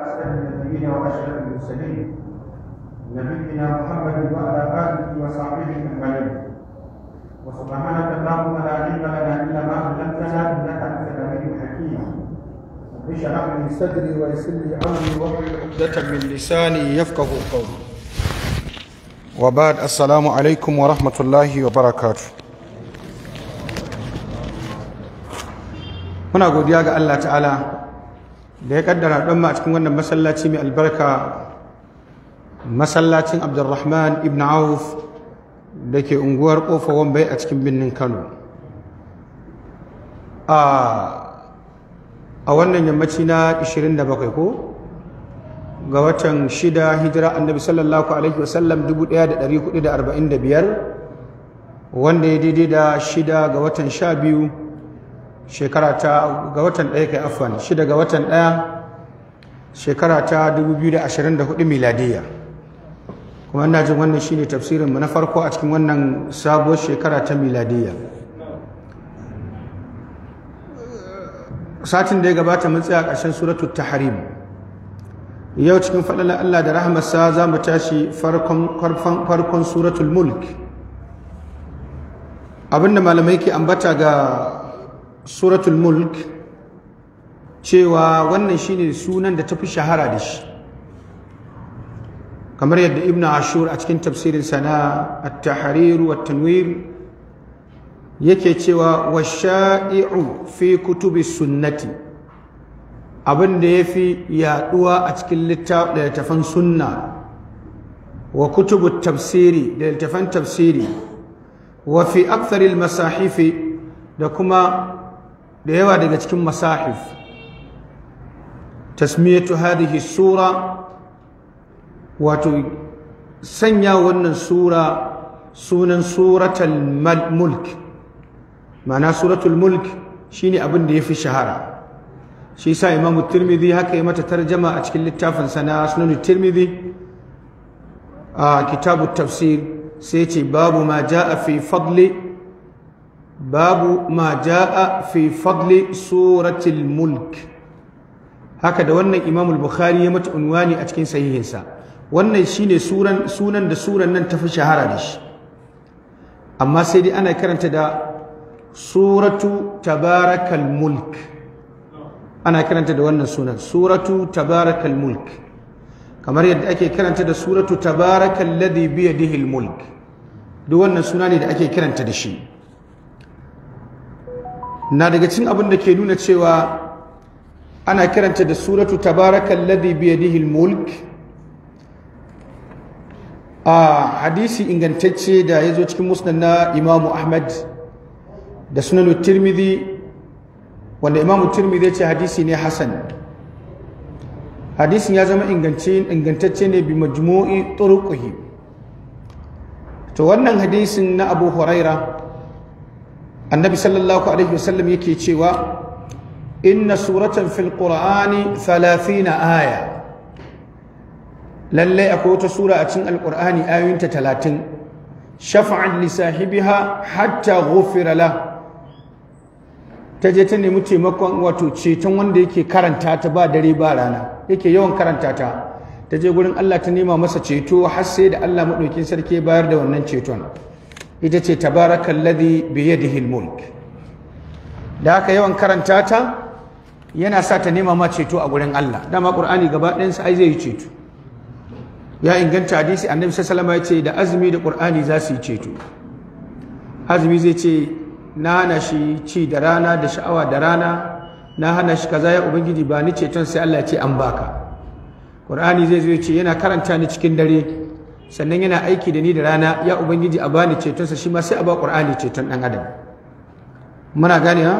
أسأل النبيين وأشرف المرسلين نبينا محمد وعلى آله وصحبه أجمعين وسبحانك اللهم لا علم لنا إلا ما علمتنا إنك أنت العليم الحكيم رب اشرح لي صدري ويسر لي أمري واحلل عقدة من لساني يفقه قولي وبعد السلام عليكم ورحمة الله وبركاته muna godiya ga Allah ta'ala da ya kaddara don ma a cikin wannan masallaci mai albarka masallacin abdulrahman ibn auf da ke unguwar kofa wambai a cikin birnin kano a wannan yammaci na 27 ko ga watan shida hijira annabi sallallahu alaihi wasallam 1445 wanda ya daidai da shida ga watan sha biyu shekara ta ga watan ɗaya kai afwan shi daga watan ɗaya shekara ta 2024 miladiyya kuma ina jin wannan shine tafsirin mu na farko a cikin wannan sabuwar shekara ta miladiyya satin da ya gabata mun tsaya ƙarshen suratul tahrim yau cikin faɗin Allah da rahmarsa za mu tashi farkon suratul mulk abinda malamai ke ambata ga suratul mulk cewa wannan shine sunan da tafi shahara da shi kamar yadda ibn ashur a cikin tafsirin sana at-tahrir wa tanwir yake cewa washa'i'u fi kutubi sunnati abin da yafi yaduwa a cikin littafin sunna wa kutubu tafsiri da littafan tafsiri wa fi aktharil masahifi da kuma da yawa daga cikin masahif tasmiyatu hadhihi sura wato sanya wannan sura sunan suratul mulk ma'ana suratul mulk shine abin da yafi shahara shi yasa imamu tirmidhi haka yi mata tarjama a cikin littafin sa na sunan tirmidhi a kitabut tafsir sai ce babu ma jaa fi fadli babu ma ja'a fi fadli suratul mulk haka da wannan imam bukhari ya mata unwani a cikin sahihinsa wannan shine suran sunan da suran nan tafi shahara da shi amma sai dai ana karanta da suratu tabarakal mulk ana karanta da wannan sunan suratu tabarakal mulk kamar yadda ake karanta da suratu tabarakal ladhi biyadihi al mulk duk wannan suna ne da ake kiranta da shi na daga cin abin da ke nuna cewa ana kiranta da suratu tabarakan Ladi bi yadihi mulk a hadisi ingantacce da ya zo cikin musnad na Imam Ahmad da sunan Tirmidhi wanda Imam Tirmidhi ce hadisi ne hasan hadisin ya zama ingantacce ne bi majmu'i turuqihi to wannan hadisin na Abu Huraira annabi sallallahu alaihi wasallam yake cewa inna suratan fil qur'ani 30 aya lalle akwai wata sura a cin alqur'ani ayoyinta talatin shafa'an li sahibiha hatta ghufira la ta je ta nemi taimakon wato ceton wanda yake karanta ta ba dare ba rana yake yawan karanta ta ta je gurin Allah ta nema masa ceto har sai da Allah madaukin sarki bayar da wannan ceton ita ce tabarakalladhi biyadihi almulk da aka yawan karanta ta yana sa ta nema ma ceto a gurin Allah dama ƙur'ani gaba ɗayan sa ai zai yi ceto ya inganta hadisi annabi sallallahu alaihi wasallam ya ce da azumi da ƙur'ani za su yi ceto azumi zai ce na hana shi ci da rana da sha'awa da rana na hana shi kaza ya ubangiji ba ni ceton sai Allah ya ce an baka ƙurani zai zo ya ce yana karanta ni cikin dare sannan yana aiki da ni da rana ya ubangiji a bani cetonsa shi ma sai a ba qur'ani ceton dan adam muna gane ha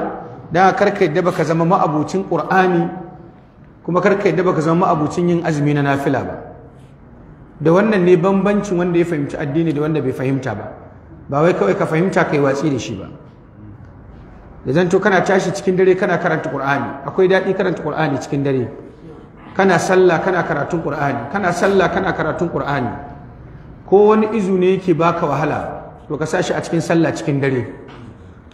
dan karka yadda baka zama ma'abucin qur'ani kuma karka yadda baka zama ma'abucin yin azumi na nafila ba da wannan ne bambancin wanda ya fahimci addini da wanda bai fahimta ba ba wai kawai ka fahimta kai watsi da shi ba da zanto kana tashi cikin dare kana karanta qur'ani akwai daɗi karanta qur'ani cikin dare kana sallah kana karatun qur'ani kana sallah kana karatun qur'ani ko wani izu ne yake baka wahala to ka sashi a cikin sallah cikin dare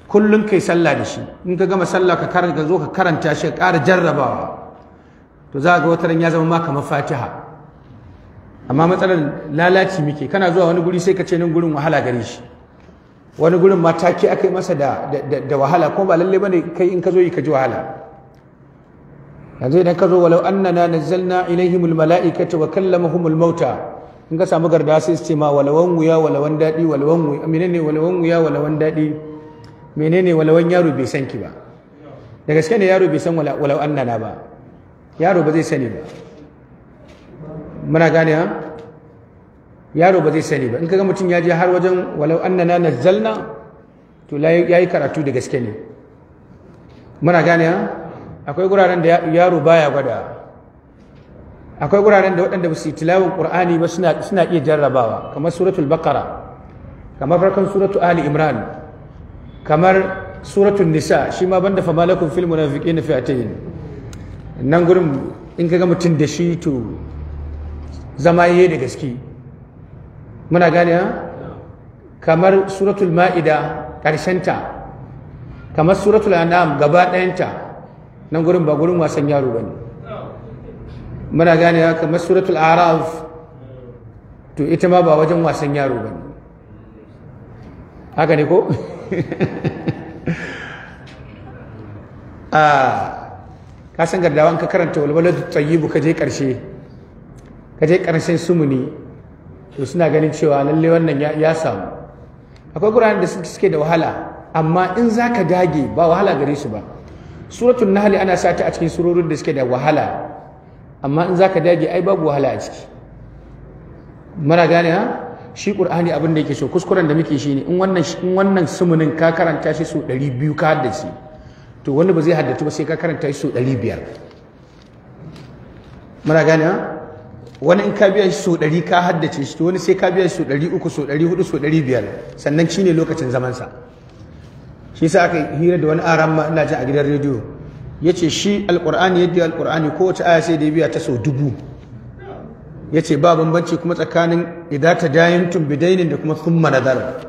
kullum kai sallah da shi in ka gama sallah ka karanta zo ka karanta shi ka ƙara jarrabawa to za ga ran ya zama maka mafatiha amma matsalar lalaci muke kana zuwa wani guri sai ka ce nan gurin wahala gare shi wani gurin mataki aka yi masa da wahala kuma ba lalle bane kai in ka zo yi ka ji wahala yanzu idan ka zo walau annana nazzalna ilaihimul mala'ikata wa kallamahumul mauta in ka samu garda sai su ce ma walawan wuya walawan daɗi walawan wuya menene walawan wuya walawan daɗi menene walawan yaro bai san ki ba da gaske ne yaro bai san walau annana ba yaro ba zai sani ba muna gane ha yaro ba zai sani ba in kaga mutum ya je har wajen walau annana nazzalna to yayi karatu da gaske ne muna gane ha akwai guraren da yaro baya gwada akwai guraren da waɗanda su yi qur'ani ba suna iya jarrabawa kamar suratul bakara kamar farkon suratul ali imran kamar suratul nisa shi ma banda fa malakum fil munafiqin fi'atayn nan gurin in kaga mutum da shi to zama yayi da gaske muna gane kamar suratul ma'ida ta kamar suratul an'am gaba ɗayanta nan gurin ba gurin wasan yaro bane muna ganewa kamar suratul araf to ita ma ba wajen wasan yaro ba ne haka ne ko ah, Ka san gardawan ka karanta walwalatu tayyibu ka je karshe ka je karshen sumuni to suna ganin cewa lalle wannan ya samu akwai guraren da suke da wahala amma in za ka dage ba wahala gare su ba Suratun Nahali ana sata a cikin sururin da suke da wahala amma in zaka dage ai babu wahala a ciki mara gane ha shi qur'ani abin da yake so kuskuren da muke shi in wannan in wannan sumunin ka karanta shi so 200 ka haddace to wani ba zai haddace ba sai ka karanta shi so 500 mara gane ha wani in ka biya shi so 100 ka haddace shi to wani sai ka biya shi so 300 so 400 so 500 sannan shine lokacin zaman sa shi sa aka hira da wani aran ma ina ji a gidan rediyo ya ce shi alkur'ani yadda alkur'ani kowace aya sai da biya ta sau dubu ya ce ba bambanci kuma tsakanin ta dayantum bidainin da kuma thumma nazar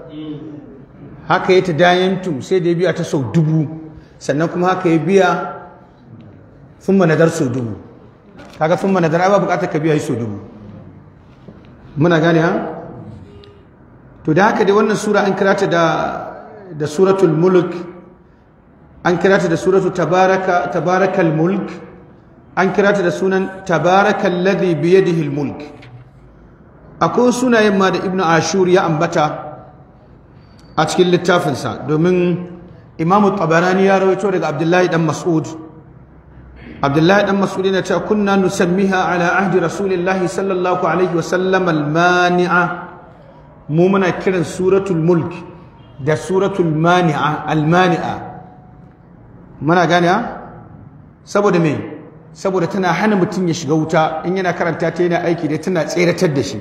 haka ya ta dayantum sai da biya ta sau dubu sannan kuma haka ya biya thumma nazar sau dubu kaga thumma nazar ai ba bukatar ka biya sau dubu muna gane ha to da haka dai wannan sura an kirata da da suratul mulk an kira ta da suratu tabarakal mulk an kira ta da sunan tabarakal ladhi bi yadihi mulk akwai sunayen ma da ibnu ashur ya ambata a cikin littafinsa domin imamu tabarani ya rawaito daga abdullahi dan mas'ud abdullahi dan mas'ud yana cewa kunna nusammiha ala ahdi rasulillahi sallallahu alaihi wa sallam al-mani'a mu muna kiran suratul mulk da suratul mani'a al-mani'a muna gane saboda me saboda tana hana mutum ya shiga wuta in yana karanta ta yana aiki da tana tseratar da shi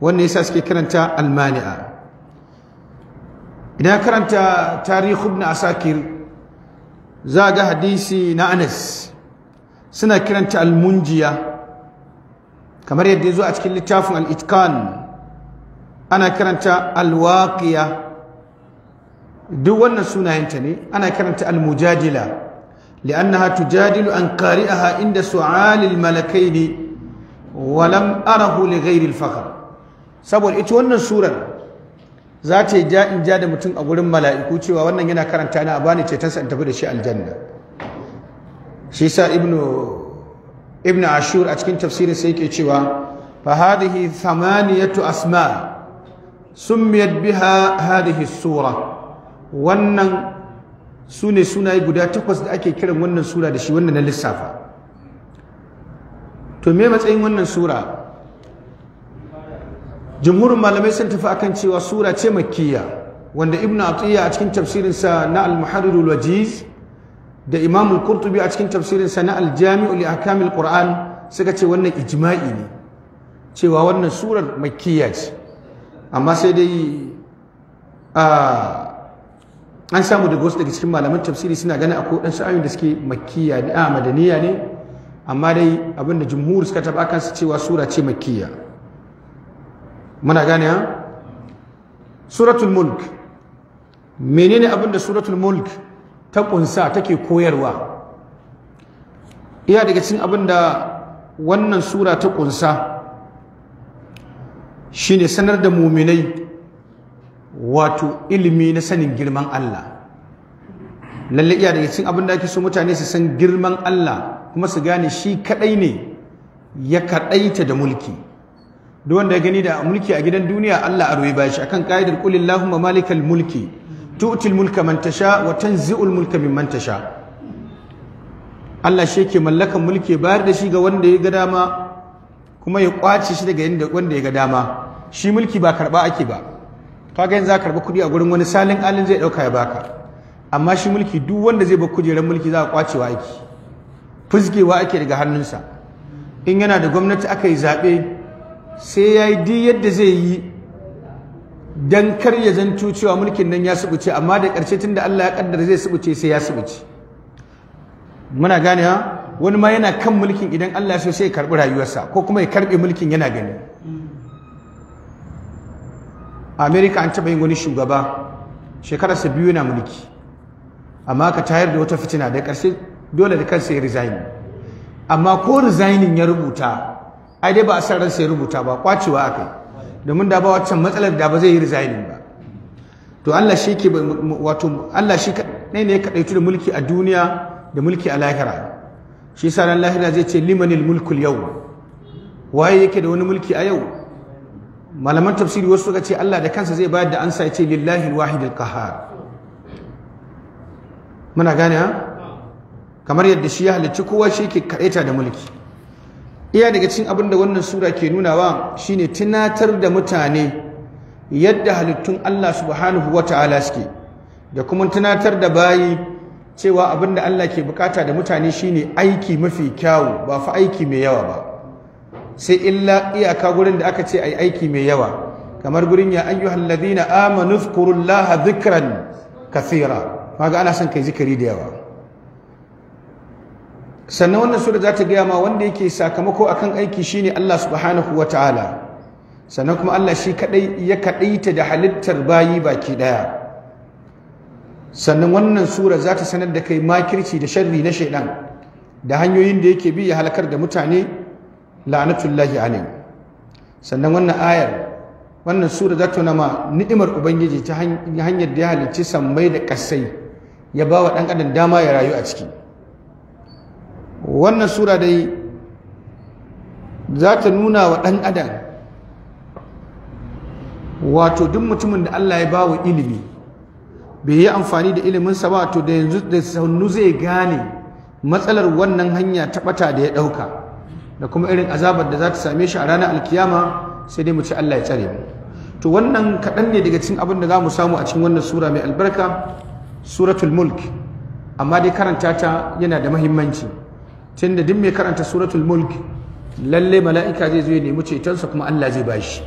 wannan yasa suke karanta almani'a idan karanta tarihi ibn asakir za ga hadisi na anas suna kiranta almunjiya kamar yadda ya zo a cikin littafin alitkan ana kiranta alwaƙiya duk wannan sunayenta ne ana karanta al-mujadila li'annaha tujadilu an qari'aha inda su'al al-malakaini wa lam arahu li ghayri al-fakhr saboda ita wannan surar za ta ja in ja da mutum a gurin mala'iku cewa wannan yana karanta ni a bani ta in tafi da shi aljanna shi sa ibnu ashur a cikin tafsirin sai yake cewa fa hadhihi thamaniyatu asma summiyat biha hadhihi sura wannan su ne sunaye guda takwas da ake kiran wannan sura da shi wannan na lissafa to me matsayin wannan sura jumhurin malamai sun tafi akan cewa sura ce makkiya wanda ibn atiyya a cikin tafsirinsa na al-muharrir wajiz da imam al-qurtubi a cikin tafsirinsa na al-jami'u li ahkamil qur'an suka ce wannan ijma'i ne cewa wannan surar makkiya ce amma sai dai a ah, an samu daga wasu daga cikin malaman tafsiri suna ganin akwai waɗansu sha'ayin da suke makkiya ne a madaniya ne amma dai abinda jumhur suka taba kansu cewa sura ce makkiya muna gane ha suratul mulk menene abinda suratul mulk ta kunsa take koyarwa iya daga cikin abinda wannan sura ta kunsa shine sanar da muminai wato ilimi na sanin girman Allah lalle iya daga cikin abin da ake so mutane su san girman Allah kuma su gane shi kadai ne ya kadaita da mulki duk wanda ya gani da mulki a gidan duniya Allah a roye bashi akan ka'idar qul illahumma malikal mulki tu'til mulka man tasha wa tanzi'ul mulka mimman tasha Allah shi yake mallakan mulki bayar da shi ga wanda ya ga dama kuma ya kwace shi daga wanda ya ga dama shi mulki ba karba ake ba kaga yanzu za ka karbi kuɗi a gurin wani salin alin zai ɗauka ya baka amma shi mulki duk wanda zai bar kujerar mulki za a wa aiki fuskewa ake daga hannunsa in yana da gwamnati aka yi zaɓe sai ya yi duk yadda zai yi don kar ya zanto cewa mulkin nan ya subuce amma da ƙarshe tun da Allah ya ƙaddar zai subuce sai ya subuce muna gane wani ma yana kan mulkin idan Allah so sai ya karɓi rayuwarsa ko kuma ya karɓe mulkin yana gani amerika an taɓa yin wani shugaba shekararsa biyu yana mulki amma ka tayar da wata fitina da ƙarshe dole da kansa ya resign amma ko rizayin ya rubuta ai dai ba a san ransa ya rubuta ba kwacewa akai domin da ba waccan matsalar da ba zai yi rizayin ba to Allah shi ke wato Allah shi kadai ne ya kadaitu da mulki a duniya da mulki a lahira shi sa lahira zai ce limanil mulkul yau waye yake da wani mulki a yau malaman tafsiri wasu suka ce Allah da kansa zai bayar da ansa ce lillahi alwahid alqahar muna gane ha kamar yadda shi ya halicci kowa shi ke kaɗaita da mulki iya daga cikin abin da wannan sura ke nuna nunawa shine tunatar da mutane yadda halittun Allah subhanahu wa ta'ala suke da kuma tunatar da bayi cewa abin da Allah ke bukata da mutane shine aiki mafi kyawu ba fa aiki mai yawa ba sai illa iyaka gurin da aka ce ai aiki mai yawa kamar gurin ya ayyuhal ladina amanu zkurullaha dhikran kathira kaga ana son kai zikiri da yawa sannan wannan sura za ta gaya ma wanda yake sakamako akan aiki shine Allah subhanahu wata'ala ta'ala sannan kuma Allah shi kadai ya kadaita da halittar bayi baki daya sannan wannan sura za ta sanar da kai makirci da sharri na shaidan da hanyoyin da yake bi ya halakar da mutane la'anatullahi alayhi sannan wannan ayar wannan sura zato nama ni'imar ubangiji ta hanyar da ya halicci sammai da kasai ya ba wa ɗan adam dama ya rayu a ciki wannan sura dai za ta nuna wa ɗan adam wato duk mutumin da Allah ya bawa ilimi bai yi amfani da iliminsa ba to da yanzu da sannu zai gane matsalar wannan hanya ta ɓata da ya ɗauka da kuma irin azabar da za ta same shi a ranar alkiyama sai dai mu ci Allah ya tsare mu to wannan kaɗan ne daga cikin abin da za mu samu a cikin wannan sura mai albarka suratul mulk amma dai karanta ta yana da mahimmanci tunda duk mai karanta suratul mulk lalle mala'ika zai zo ya nemi cetonsa kuma Allah zai ba shi.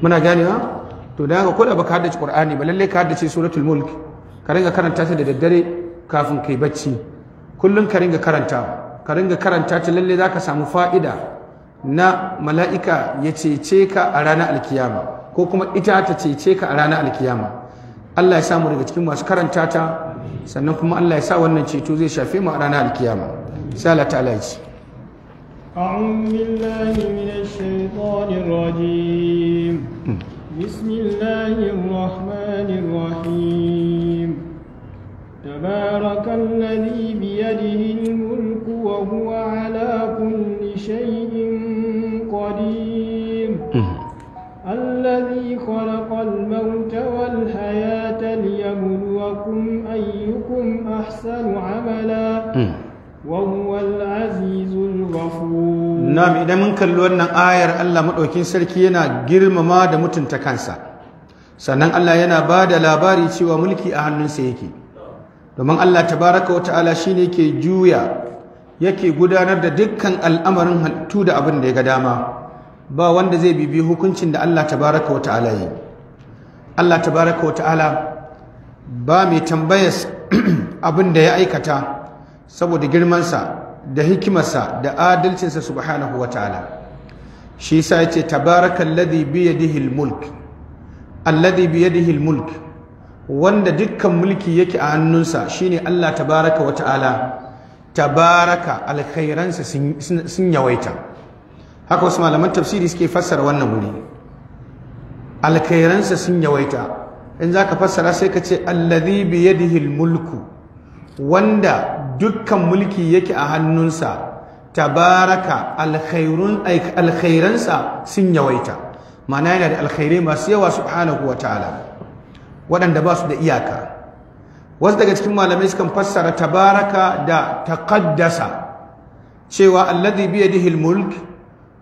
muna ganewa to da haka ko da baka haddace qur'ani ba lalle ka haddace suratul mulk ka ringa karanta ta da daddare kafin kai bacci kullum ka ringa karanta ka ringa karanta ta lalle za ka samu fa'ida na mala'ika ya cece ka a ranar alkiyama ko kuma ita ta cece ka a ranar alkiyama Allah ya samu daga cikin masu karanta ta sannan kuma Allah ya sa wannan ceto zai shafe mu a ranar alkiyama sai Allah ta'ala وهو على كل شيء قدير الذي خلق الموت والحياة ليبلوكم أيكم أحسن عملا وهو العزيز الغفور نعم إذا من كلونا آية الله مدوكين سركينا جرم ما دمتن تكنسا sannan Allah yana ba da labari cewa mulki a hannunsa yake domin Allah tabaraka wa ta'ala shine ke juya yake gudanar da dukkan al'amarin halittu da abin da ya ga dama ba wanda zai bibi hukuncin da Allah tabaraka wa ta'ala yi Allah tabaraka wa ta'ala ba mai tambayas abin da ya aikata saboda girmansa da hikimarsa da adalcinsa subhanahu wa ta'ala shi sa ya ce Alladhi ladhi dihil mulk alladhi dihil mulk wanda dukkan mulki yake a hannunsa shine Allah tabaraka wa ta'ala tabaraka alkhairansa sun yawaita haka wasu malaman tafsiri suke fassara wannan wuri alkhairansa sun yawaita in za ka fassara sai ka ce alladhi bi yadihi mulku wanda dukkan mulki yake a hannunsa tabaraka alkhairansa sun yawaita ma'ana yana da alkhairai masu yawa subhanahu wa ta'ala waɗanda ba su da iyaka wasu daga cikin malamai sukan fassara tabaraka da taqaddasa cewa alladhi bi yadihi mulk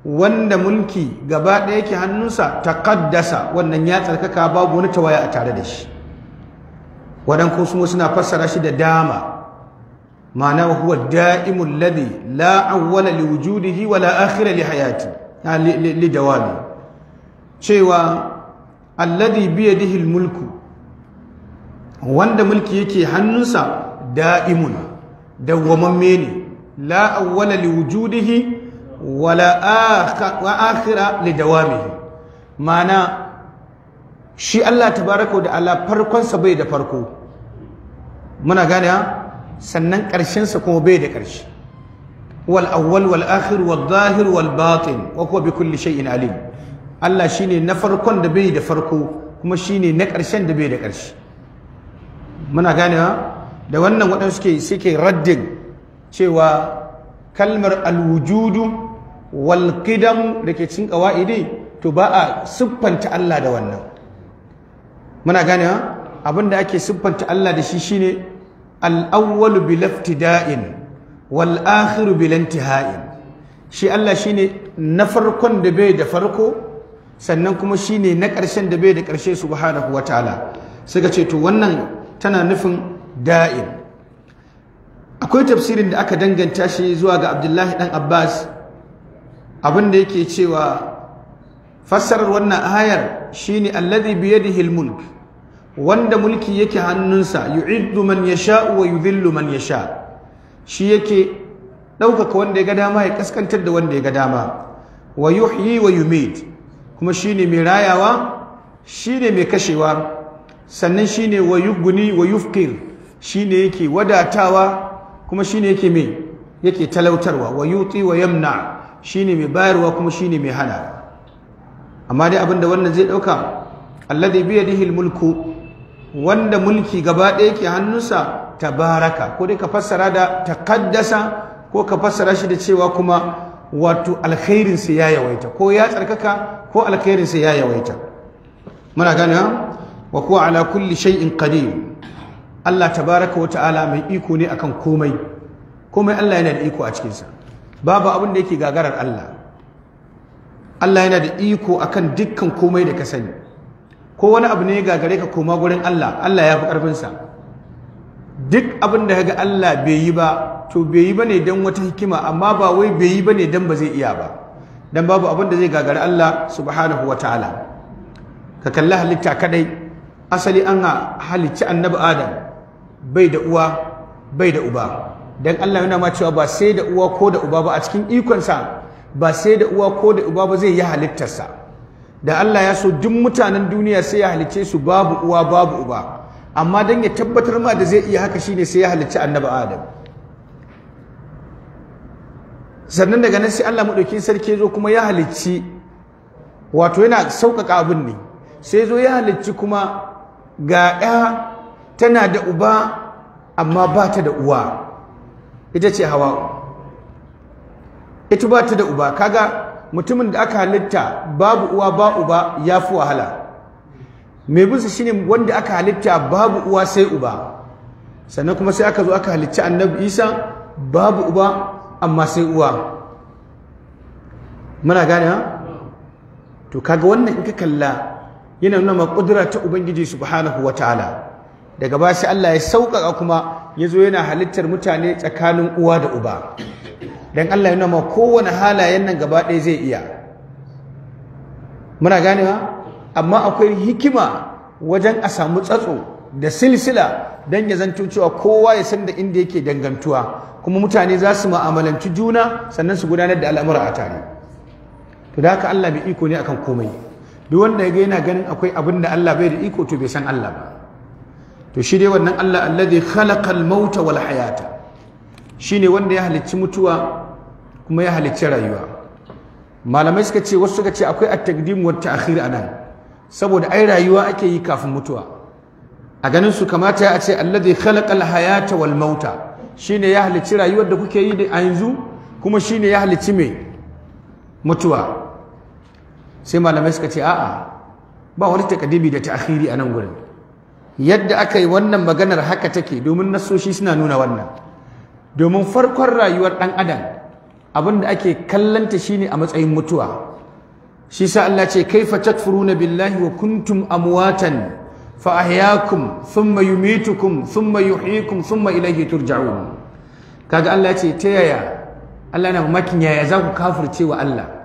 wanda mulki gaba ɗaya yake hannunsa taqaddasa wannan ya tsarkaka babu wani tawaya a tare da shi wadan su suna fassara shi da dama ma'ana huwa da'imu ladhi la awwala li wujudihi wa la akhira li hayati li dawami cewa alladhi bi yadihi mulku wanda mulki yake hannunsa da'imun dawwamamme ne la awwala li wujudihi wala akhira li dawamihi mana shi Allah tabaraka da ala farkonsa bai da farko muna gane sannan ƙarshensa kuma bai da ƙarshe wal awwal wal akhir wal zahir wal batin wa huwa bi kulli shay'in alim Allah shine na farkon da bai da farko kuma shine na ƙarshen da bai da ƙarshe muna ganewa da wannan waɗansu ke suke raddin cewa kalmar alwujudu wal da ke cin qawaidi to ba a siffanta Allah da wannan muna ganewa abinda ake siffanta Allah da shi shine al-awwalu bil iftida'in wal akhiru bil intiha'in shi Allah shine na farkon da bai da farko sannan kuma shine na ƙarshen da bai da ƙarshe subhanahu wataala suka ce to wannan tana nufin da'in. akwai tafsirin da aka danganta shi zuwa ga abdullahi dan abbas abinda yake cewa fassarar wannan ayar shine alladhi bi da almulk wanda mulki yake hannunsa yu'iddu man yasha wa yudhillu man yasha shi yake ɗaukaka wanda ya ga dama ya kaskantar da wanda ya ga dama wa yuhyi wa yumit kuma shine mai rayawa shine mai kashewa sannan shine wa yughni wa shi ne yake wadatawa kuma ne yake mai yake talautarwa wa yuti wa yamna ne mai bayarwa kuma shi ne mai hana amma dai abinda wannan zai dauka alladhi bi yadihi mulku, wanda mulki gaba ɗaya ke hannunsa baraka, ko dai ka fassara da taqaddasa ko ka fassara shi da cewa kuma wato alkhairinsa ya yawaita ko ya tsarkaka ko alkhairinsa ya yawaita muna gane wa kuwa ala kulli shay'in qadir Allah baraka wa ta'ala mai iko ne akan komai komai Allah yana da iko a cikinsa babu abin da yake gagarar Allah Allah yana da iko akan dukkan komai da ka sani ko wani abu ne ya gagare ka koma gurin Allah Allah ya fi sa duk abin da ga Allah bai yi ba to bai yi bane dan wata hikima amma ba wai bai yi bane dan ba zai iya ba dan babu abin da zai gagari Allah subhanahu ta'ala. ka kalli halitta kadai asali an halicci annabi adam bai da uwa bai da uba dan Allah yana ma cewa ba sai da uwa ko da uba ba a cikin ikonsa ba sai da uwa ko da uba ba zai yi halittarsa da Allah ya so duk mutanen duniya sai ya halicce su babu uwa babu uba amma dan ya tabbatar ma da zai iya haka shine sai ya halicci annabi adam sannan daga nan sai Allah madaukin sarki zo kuma ya halicci wato yana sauƙaƙa abin ne sai zo ya halicci kuma ga ya tana da uba amma ba ta da uwa ita ce hawa ita ba ta da uba kaga mutumin da aka halitta babu uwa ba uba ya fi wahala mai shi shine wanda aka halitta babu uwa sai uba sannan kuma sai aka zo aka halicci annabi isa babu uba amma sai uwa muna gane ha to kaga wannan in ka kalla yana nuna ma kudura ta ubangiji subhanahu wa ta'ala. daga ba shi Allah ya sauƙaƙa kuma ya zo yana halittar mutane tsakanin uwa da uba Don Allah ya nuna ma kowane halayen nan gaba ɗaya zai iya muna ganewa amma akwai hikima wajen a samu tsatso da silsila don ya zanto cewa kowa ya san da inda yake dangantuwa kuma mutane za su ma'amalanci juna sannan su gudanar da al'amura a tare to da haka Allah mai iko ne akan komai duk wanda ya ga yana ganin akwai abin da Allah bai da iko to bai san Allah ba to shi dai wannan Allah alladhi khalaqal mauta wal hayata shine wanda ya halicci mutuwa kuma ya halicci rayuwa malamai suka ce wasu suka ce akwai at-taqdim wa ta'khir anan saboda ai rayuwa ake yi kafin mutuwa a ganin su kamata a ce alladhi khalaqal hayata wal mauta shine ya halicci rayuwar da kuke yi a yanzu kuma shine ya halicci me mutuwa sai malamai suka ce a'a ba wani takadimi da ta'khiri a nan gurin yadda aka yi wannan maganar haka take domin nasoshi suna nuna wannan domin farkon rayuwar ɗan adam abin da ake kallanta shine a matsayin mutuwa shi sa Allah ce kaifa takfuruna billahi wa kuntum amwatan fa ahyaakum thumma yumitukum thumma yuhyikum thumma ilayhi turja'un kaga Allah ce ta yaya Allah na mamakin yaya za ku kafirce wa Allah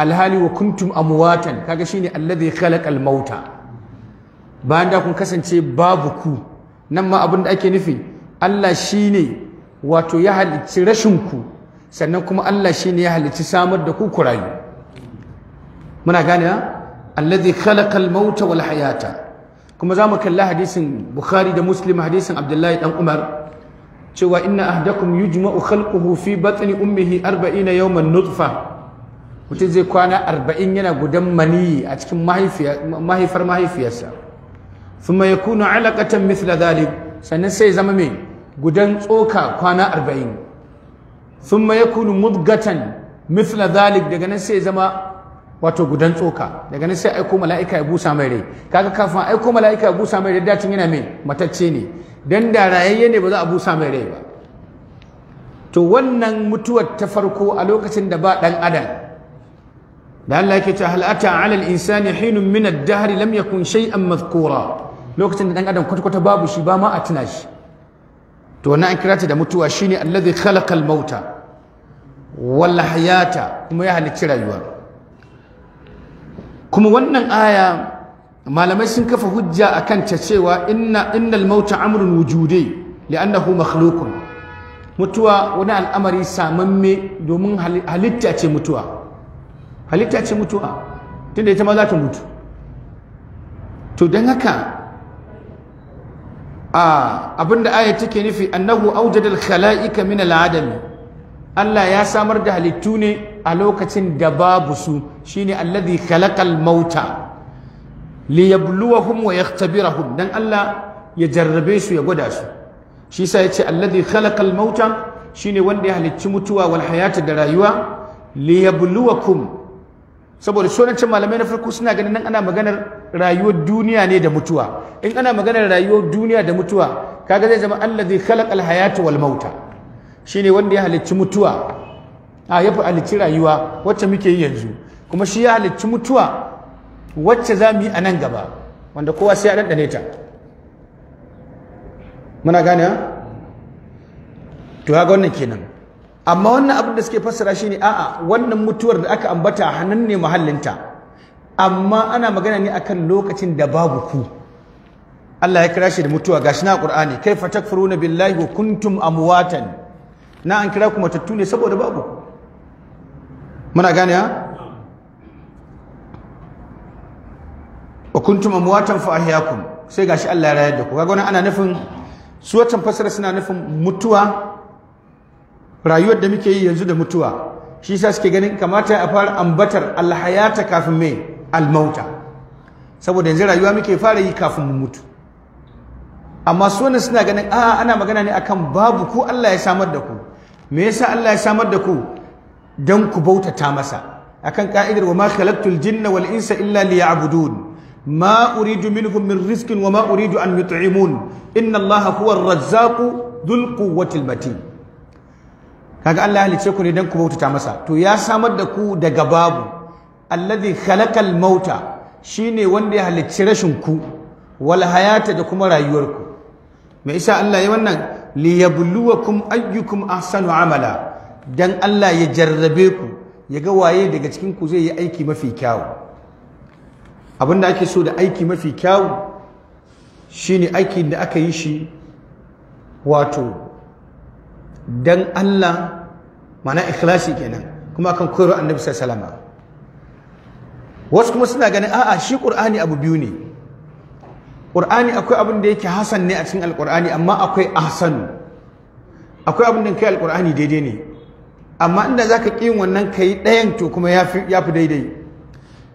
alhali wa kuntum amwatan kaga shine alladhi khalaqal mauta bayan da kun kasance babu ku nan ma abin da ake nufi Allah shine wato ya halicci rashin ku sannan kuma Allah shine ya halicci samar da ku ku muna gane ha alladhi khalaqal mauta wal hayata kuma zamu kalla hadisin Bukhari da Muslim hadisin Abdullahi dan Umar cewa inna ahdakum yujma'u khalquhu fi batni ummihi 40 yawman nutfa mutum zai kwana arba'in yana gudan maniyi a cikin mahaifar mahaifiyarsa thumma kuna alaƙatan mithla dhalik sannan sai zama mai gudan tsoka kwana arba'in thumma kuna mudgatan mithla dhalik daga nan sai zama wato gudan tsoka daga nan sai aiko mala'ika ya busa mai rai kaga kafin aiko mala'ika ya busa mai rai dacin yana mai matacce ne dan da rayayye ne ba za a busa mai rai ba to wannan mutuwar ta farko a lokacin da ba dan adam da Allah yake cewa hal ata ala al insani hinun min ad dahr lam yakun shay'an madhkura lokacin da dan adam kwata-kwata babu shi ba ma a tuna shi to wannan an kira ta da mutuwa shine allazi khalaqa al mauta wal hayata kuma ya halicci rayuwa kuma wannan aya malamai sun kafa hujja akan ta cewa inna innal mauta amrun wujudi li'annahu makhluqun mutuwa wani al'amari samamme domin halitta ce mutuwa halitta ce mutuwa tunda ita ma za ta mutu to don haka a abinda ayat take nufi annahu aujadal khala'ika min al'adami Allah ya samar da halittu ne a lokacin da babu su shine alladhi khalaqal mauta liyabluwahum wa yakhtabirahum dan Allah ya jarrabe su ya gwada su shi yasa yace alladhi khalaqal mauta shine wanda ya halicci mutuwa wal hayata da rayuwa liyabluwakum saboda sunancin malamai na farko suna ganin nan ana maganar rayuwar duniya ne da mutuwa in ana maganar rayuwar duniya da mutuwa kaga zai zama Allah zai khalaq alhayata wal mauta shine wanda ya halicci mutuwa a ya halicci rayuwa wacce muke yi yanzu kuma shi ya halicci mutuwa wacce za mu yi a nan gaba wanda kowa sai ya ɗanɗane ta muna gane to ga wannan kenan amma wannan abin da suke fassara shine a'a wannan mutuwar da aka ambata hannun ne mahallinta amma ana magana ne akan lokacin da babu ku Allah ya kira shi da mutuwa gashi na Qur'ani kaifa takfuruna billahi wa kuntum amwatan na an kira ku matattu ne saboda babu muna gane ha wa kuntum amwatan fa ahyakum sai gashi Allah ya rayar da ku kaga wannan ana nufin su waccan fasara suna nufin mutuwa rayuwar da muke yi yanzu da mutuwa shi sa suke ganin kamata a fara ambatar alhayata kafin mai almauta saboda yanzu rayuwa muke fara yi kafin mu mutu amma su ne suna ganin a ana magana ne akan babu ku Allah ya samar da ku me yasa Allah ya samar da ku dan ku bautata masa akan ka'idar wa ma khalaqtul jinna wal insa illa liya'budun ma uridu minhum min riskin wa ma uridu an yut'imun inna Allah huwa ar-razzaqu dhul kaga Allah ya halice ku ne dan ku bautata masa to ya samar da ku daga babu alladhi khalaqal mauta shine wanda ya halicci rashin ku wal hayata da kuma rayuwar ku mai isa Allah ya wannan yabluwakum ayyukum ahsanu amala dan Allah ya jarrabe ku ya ga waye daga cikin ku zai yi aiki mafi kyau abinda ake so da aiki mafi kyau shine aikin da aka yi shi wato dan Allah mana ikhlasi kenan kuma akan koyar annabi sallallahu alaihi wasu kuma suna ganin a'a shi qur'ani abu biyu ne qur'ani akwai abin da yake hasan ne a cikin alqur'ani amma akwai ahsan akwai abin da kai alqur'ani daidai ne amma inda zaka ƙi wannan kai ɗayan to kuma yafi yafi daidai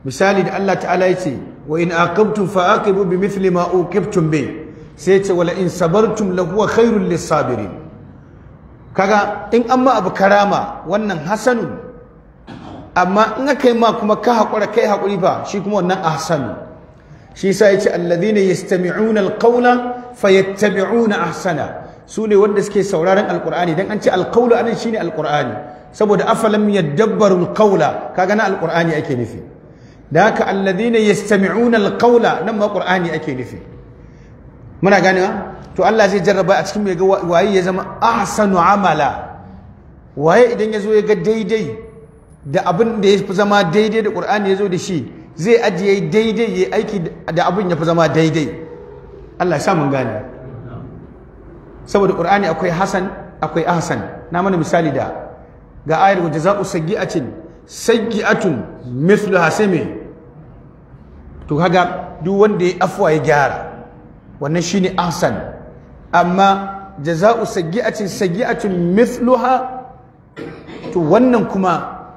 misali da Allah ta'ala ya ce wa in aqabtum fa aqibu bimithli ma uqibtum bih sai yace wala in sabartum lahuwa khairul lis-sabirin kaga in an ma abu karama wannan hasanu amma in aka yi ma kuma ka haƙura kai haƙuri fa shi kuma wannan ahsanu shi sa ya ce alladhina yastami'una alqawla fayattabi'una ahsana su ne wanda suke sauraron alqur'ani dan an ce alqawlu anan shine alqur'ani saboda afalam yadabbaru alqawla kaga na alqur'ani ake nufi da haka alladhina yastami'una alqawla nan ma qur'ani ake nufi muna ganewa to Allah zai jarraba a cikin mai ga waye ya zama ahsanu amala waye idan ya zo ya ga daidai da abin da ya fi zama daidai da Qur'ani ya zo da shi zai ajiye daidai ya aiki da abin ya fi zama daidai Allah sa mun gane saboda Qur'ani akwai hasan akwai ahsan na mana misali da ga ayar wa a tun Mislu mithluha sami to kaga duk wanda ya afuwa ya gyara wannan shine ahsan amma jaza'u sagi'atin sagi'atun mithluha to wannan kuma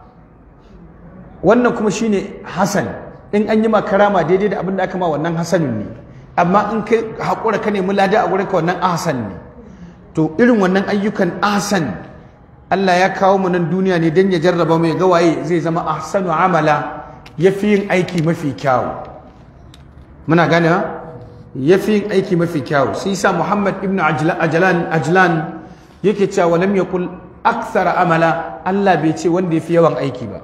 wannan kuma shine hasan in an yi makarama daidai da abin da aka ma wannan hasanun ne amma in kai hakura ka nemi lada a gurin ka wannan ahsan ne to irin wannan ayyukan ahsan Allah ya kawo mu nan duniya ne don ya jarraba mu ya ga waye zai zama ahsanu amala yafi yin aiki mafi kyawu muna gane ha ya fi yin aiki mafi kyawu sai sa muhammad ibn ajlan yake cewa lam yakul aksara amala allah bai ce wanda ya fi yawan aiki ba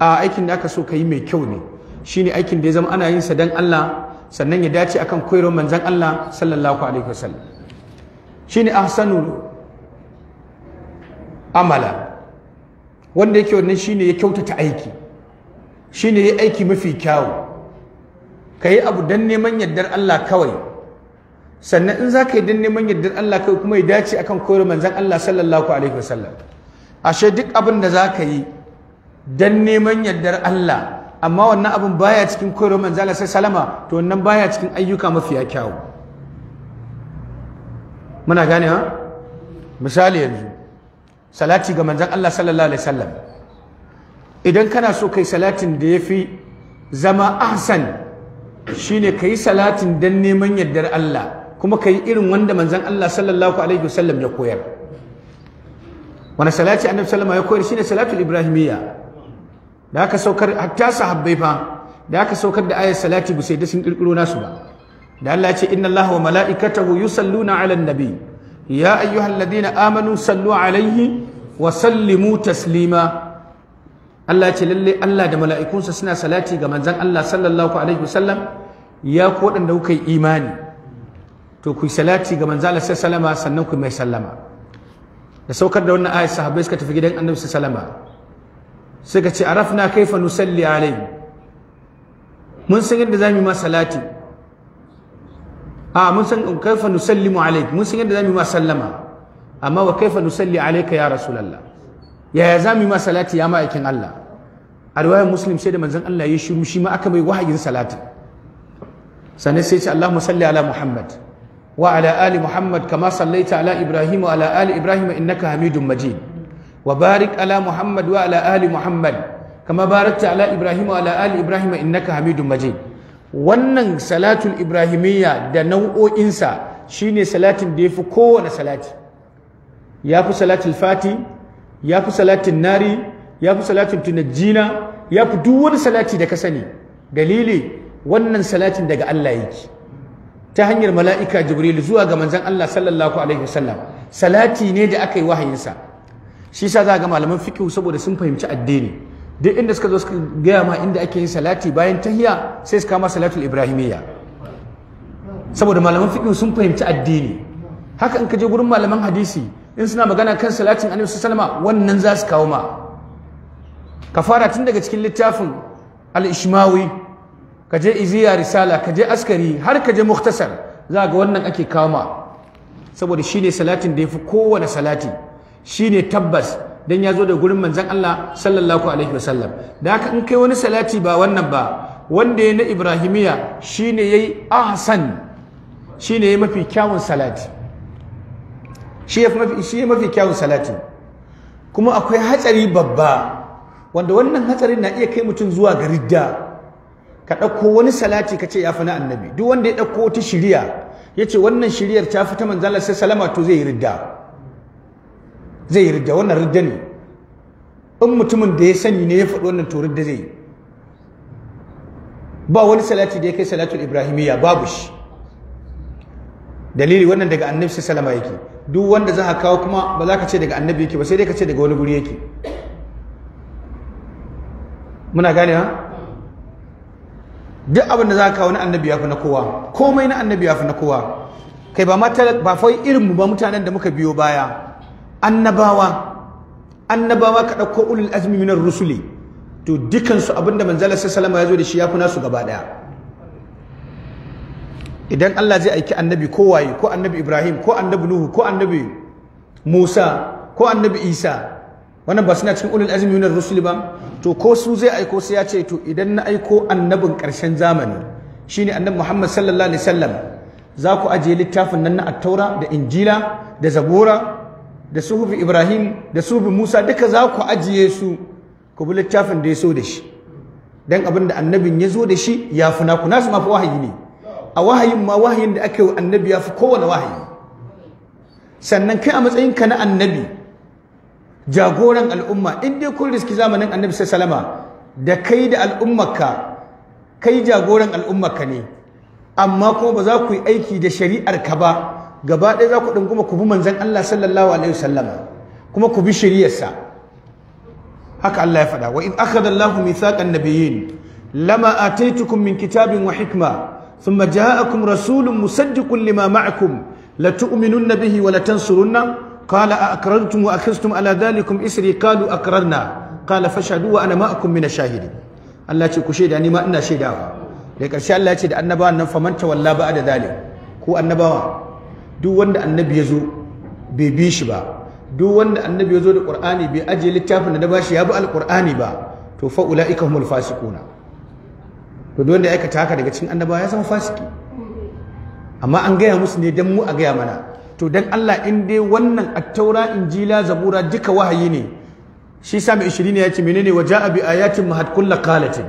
a aikin da aka so ka yi mai kyau ne shine aikin da ya zama ana yin sa dan allah sannan ya dace akan koyarwar manzon allah sallallahu alaihi wasallam shine ahsanu amala wanda yake wannan shine ya kyautata aiki shine ya aiki mafi kyawu ka yi abu dan neman yardar Allah kawai sannan in za ka yi don neman yardar Allah kawai kuma ya dace akan koyar manzan Allah sallallahu alaihi wasallam ashe duk abin da za ka yi don neman yardar Allah amma wannan abin baya cikin koyar manzan Allah sai salama to wannan baya cikin ayyuka mafiya kyawu muna gane ha misali yanzu salati ga manzan Allah sallallahu alaihi wasallam idan kana so kai salatin da ya fi zama ahsan shine kayi salatin dan neman yardar Allah kuma kayi irin wanda manzon Allah sallallahu alaihi wasallam ya koyar wani salati annabi sallama ya koyar shine salatul ibrahimiyya da aka saukar hatta sahabbai fa da aka saukar da ayar salati bu sai da sun kirkiro nasu ba da Allah ya ce inna Allah wa mala'ikatahu yusalluna 'alan nabi ya ayyuhalladhina amanu sallu 'alaihi wa sallimu taslima Allah ce lalle Allah da mala'ikunsa suna salati ga manzan Allah sallallahu alaihi wasallam ya ku waɗanda kuka yi imani to ku yi salati ga manzo Allah sallama sannan ku mai sallama da saukar da wannan ayat sahabbai suka tafi gidan annabi sallama suka ce arafna kaifa nusalli alayhi mun san yadda zamu yi ma salati a mun san kaifa nusallimu alayhi mun san yadda zamu yi ma sallama amma wa kaifa nusalli alayka ya rasulullah yaya zamu yi ma salati ya ma'aikin Allah a riwayar muslim sai da manzon Allah ya shiru shi ma aka mai wahayin salati sannan sai ce Allahumma salli ala Muhammad wa ala ali Muhammad kama sallaita ala Ibrahim wa ala ali Ibrahim innaka Hamidum Majid wa barik ala Muhammad wa ala ali Muhammad kama barakta ala Ibrahim wa ala ali Ibrahim innaka Hamidum Majid wannan salatul ibrahimiyya da nau'o'insa shine salatin da yafi kowane salati yafi salatul fati yafi salatin nari yafi salatin tunajjina yafi duk wani salati da ka sani dalili wannan salatin daga Allah yake ta hanyar mala'ika jibril zuwa ga manzon Allah sallallahu alaihi wasallam salati ne da aka yi sa shi yasa za ga malaman fiqh saboda sun fahimci addini duk inda suka zo suka gaya ma inda ake yin salati bayan tahiya sai su kama salatul ibrahimiyya saboda malaman fiqh sun fahimci addini haka in ka je gurin malaman hadisi in suna magana kan salatin annabi sallallahu alaihi wannan za su kawo ma ka fara tun daga cikin littafin al-ishmawi ka je iziya risala ka je askari har ka je muktasar za ga wannan ake kama saboda shine salatin da ya fi kowane salati shine tabbas dan ya zo da gurin manzon Allah sallallahu alaihi wasallam da haka in kai wani salati ba wannan ba wanda ya na ibrahimiya shine yayi ahsan shine yayi mafi kyawun salati ya mafi mafi kyawun salati kuma akwai hatsari babba wanda wannan hatsarin na iya kai mutum zuwa ga ridda ka ɗauko wani salati ka ce ya fi na annabi duk wanda ya ɗauko wata shiriya ya ce wannan shiriyar ta fi ta manzala sai salama to zai yi ridda zai yi ridda wannan ridda ne in mutumin da ya sani ne ya faɗi wannan to ridda zai ba wani salati da ya kai salatul ibrahimiyya babu shi dalili wannan daga annabi sai salama yake duk wanda za ka kawo kuma ba za ka ce daga annabi yake ba sai dai ka ce daga wani guri yake muna gane ha duk abin da za ka wani annabi ya fi na kowa komai na annabi ya fi na kowa kai ba ba fa irin mu ba mutanen da muka biyo baya annabawa annabawa ka ɗauko ulul azmi minar rusuli to dukansu abinda manzala sallama ya zo da shi ya fi gaba ɗaya idan Allah zai aiki annabi ko waye ko annabi Ibrahim ko annabi Nuhu ko annabi Musa ko annabi Isa wannan ba suna cikin ulul azmi na rusuli ba to ko su zai aiko sai ya ce to idan na aiko annabin ƙarshen zamani shine annabi Muhammad sallallahu alaihi wasallam za ku ajiye littafin nan na attaura da injila da zabura da suhufi ibrahim da suhufi musa duka za ku ajiye su ku bi littafin da ya so da shi dan abin da annabin ya zo da shi ya fi naku nasu ma fi wahayi ne a wahayin ma wahayin da aka yi annabi ya fi kowane wahayi sannan kai a matsayinka na annabi jagoran al'umma in dai kun riski zamanin annabi sallama da kai da al'ummarka kai jagoran al'ummarka ne amma kuma ba za ku yi aiki da shari'arka ba gaba ɗaya za ku ɗin kuma ku bi manzon Allah sallallahu alaihi wasallama kuma ku bi shari'arsa haka Allah ya faɗa wa id akhadha Allahu mithaqan nabiyyin lama ataitukum min kitabin wa hikma ثم جاءكم رسول مصدق لما معكم wa به ولتنصرنه قال أأقررتم وأخذتم على ذلكم إسري قالوا أقررنا قال فاشهدوا وأنا معكم من الشاهدين الله يقول كشيد أني ما أنا شيدا لك إن شاء الله يقول أنبا نفمن تولى بعد ذلك هو أنبا دو وند النبي يزو بيبيش با دو وند النبي يزو القرآن بأجل التابن نباش يابا القرآن با تو فأولئك هم الفاسقون to duk wanda ya aikata haka daga cikin annabawa ya zama fasiki amma an gaya musu ne dan mu a gaya mana to dan Allah in dai wannan attaura injila zabura duka wahayi ne shi sa mai ishirin ya ce menene wa ja'a bi ayatin mahad kullu qalatin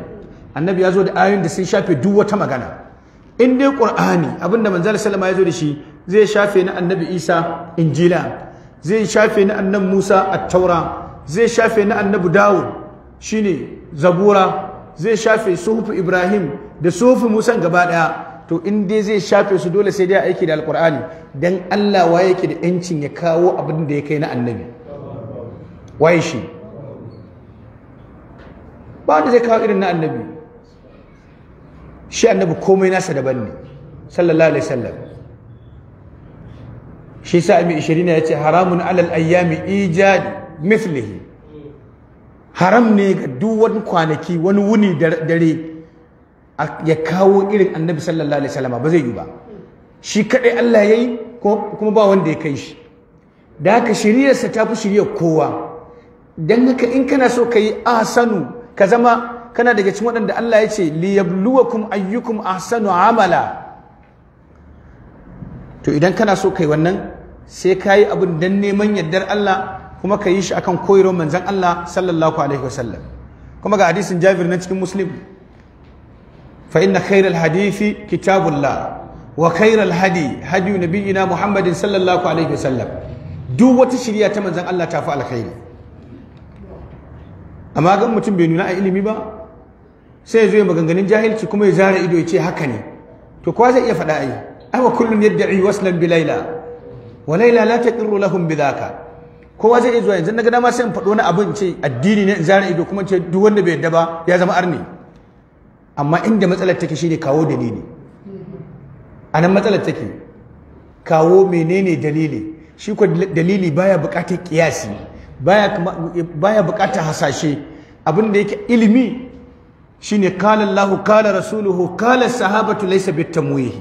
annabi ya zo da ayoyin da sun shafe duk wata magana in dai qur'ani abinda manzal sallama ya zo da shi zai shafe na annabi isa injila zai shafe na annabi musa attaura zai shafe na annabi dawud shine zabura zai shafe Suhufi ibrahim da suhufu musan gaba daya to in dai zai shafe su dole sai dai aiki da alkur'ani dan Allah wa yake da yancin ya kawo abin da ya kai na annabi waye shi ba da zai kawo irin na annabi shi annabi komai nasa daban ne sallallahu alaihi wasallam shi sa mai 20 ya ce haramun alal ayyami ijad mithlihi haram ne ga duk wani kwanaki wani wuni dare ya kawo irin annabi sallallahu alaihi wasallam ba zai yi ba shi kadai Allah yayi kuma ba wanda ya kai shi da haka shiriyarsa ta fi shiriyar kowa dan haka in kana so ka yi ahsanu ka zama kana daga cikin waɗanda Allah ya ce yabluwakum ayyukum ahsanu amala to idan kana so kai wannan sai ka yi abin dan neman yardar Allah kuma ka yi shi akan koyarwar manzon Allah sallallahu alaihi wasallam kuma ga hadisin Jabir na cikin Muslim فإن خير الحديث كتاب الله وخير hadi هدي نبينا محمد صلى الله عليه وسلم duk wata shirya ta manzan Allah ta fi alkhairi amma gan mutum bai nuna a ilimi ba sai ya zo ya maganganun jahilci kuma ya zara ido ya ce haka ne to kowa zai iya faɗa ai ai wa kullun yad'i waslan bi laila wa laila la taqirru lahum bi dhaka kowa zai iya zuwa yanzu na ga dama sai in faɗo wani abin ce addini ne in zara ido kuma ce duk wanda bai yadda ba ya zama arni amma inda matsalar take shine kawo dalili anan matsalar take kawo menene dalili shi ko dalili baya buƙatar kiyasi baya baya hasashe abin da yake ilimi shine qala Allahu qala rasuluhu qala sahabatu laysa bitamwih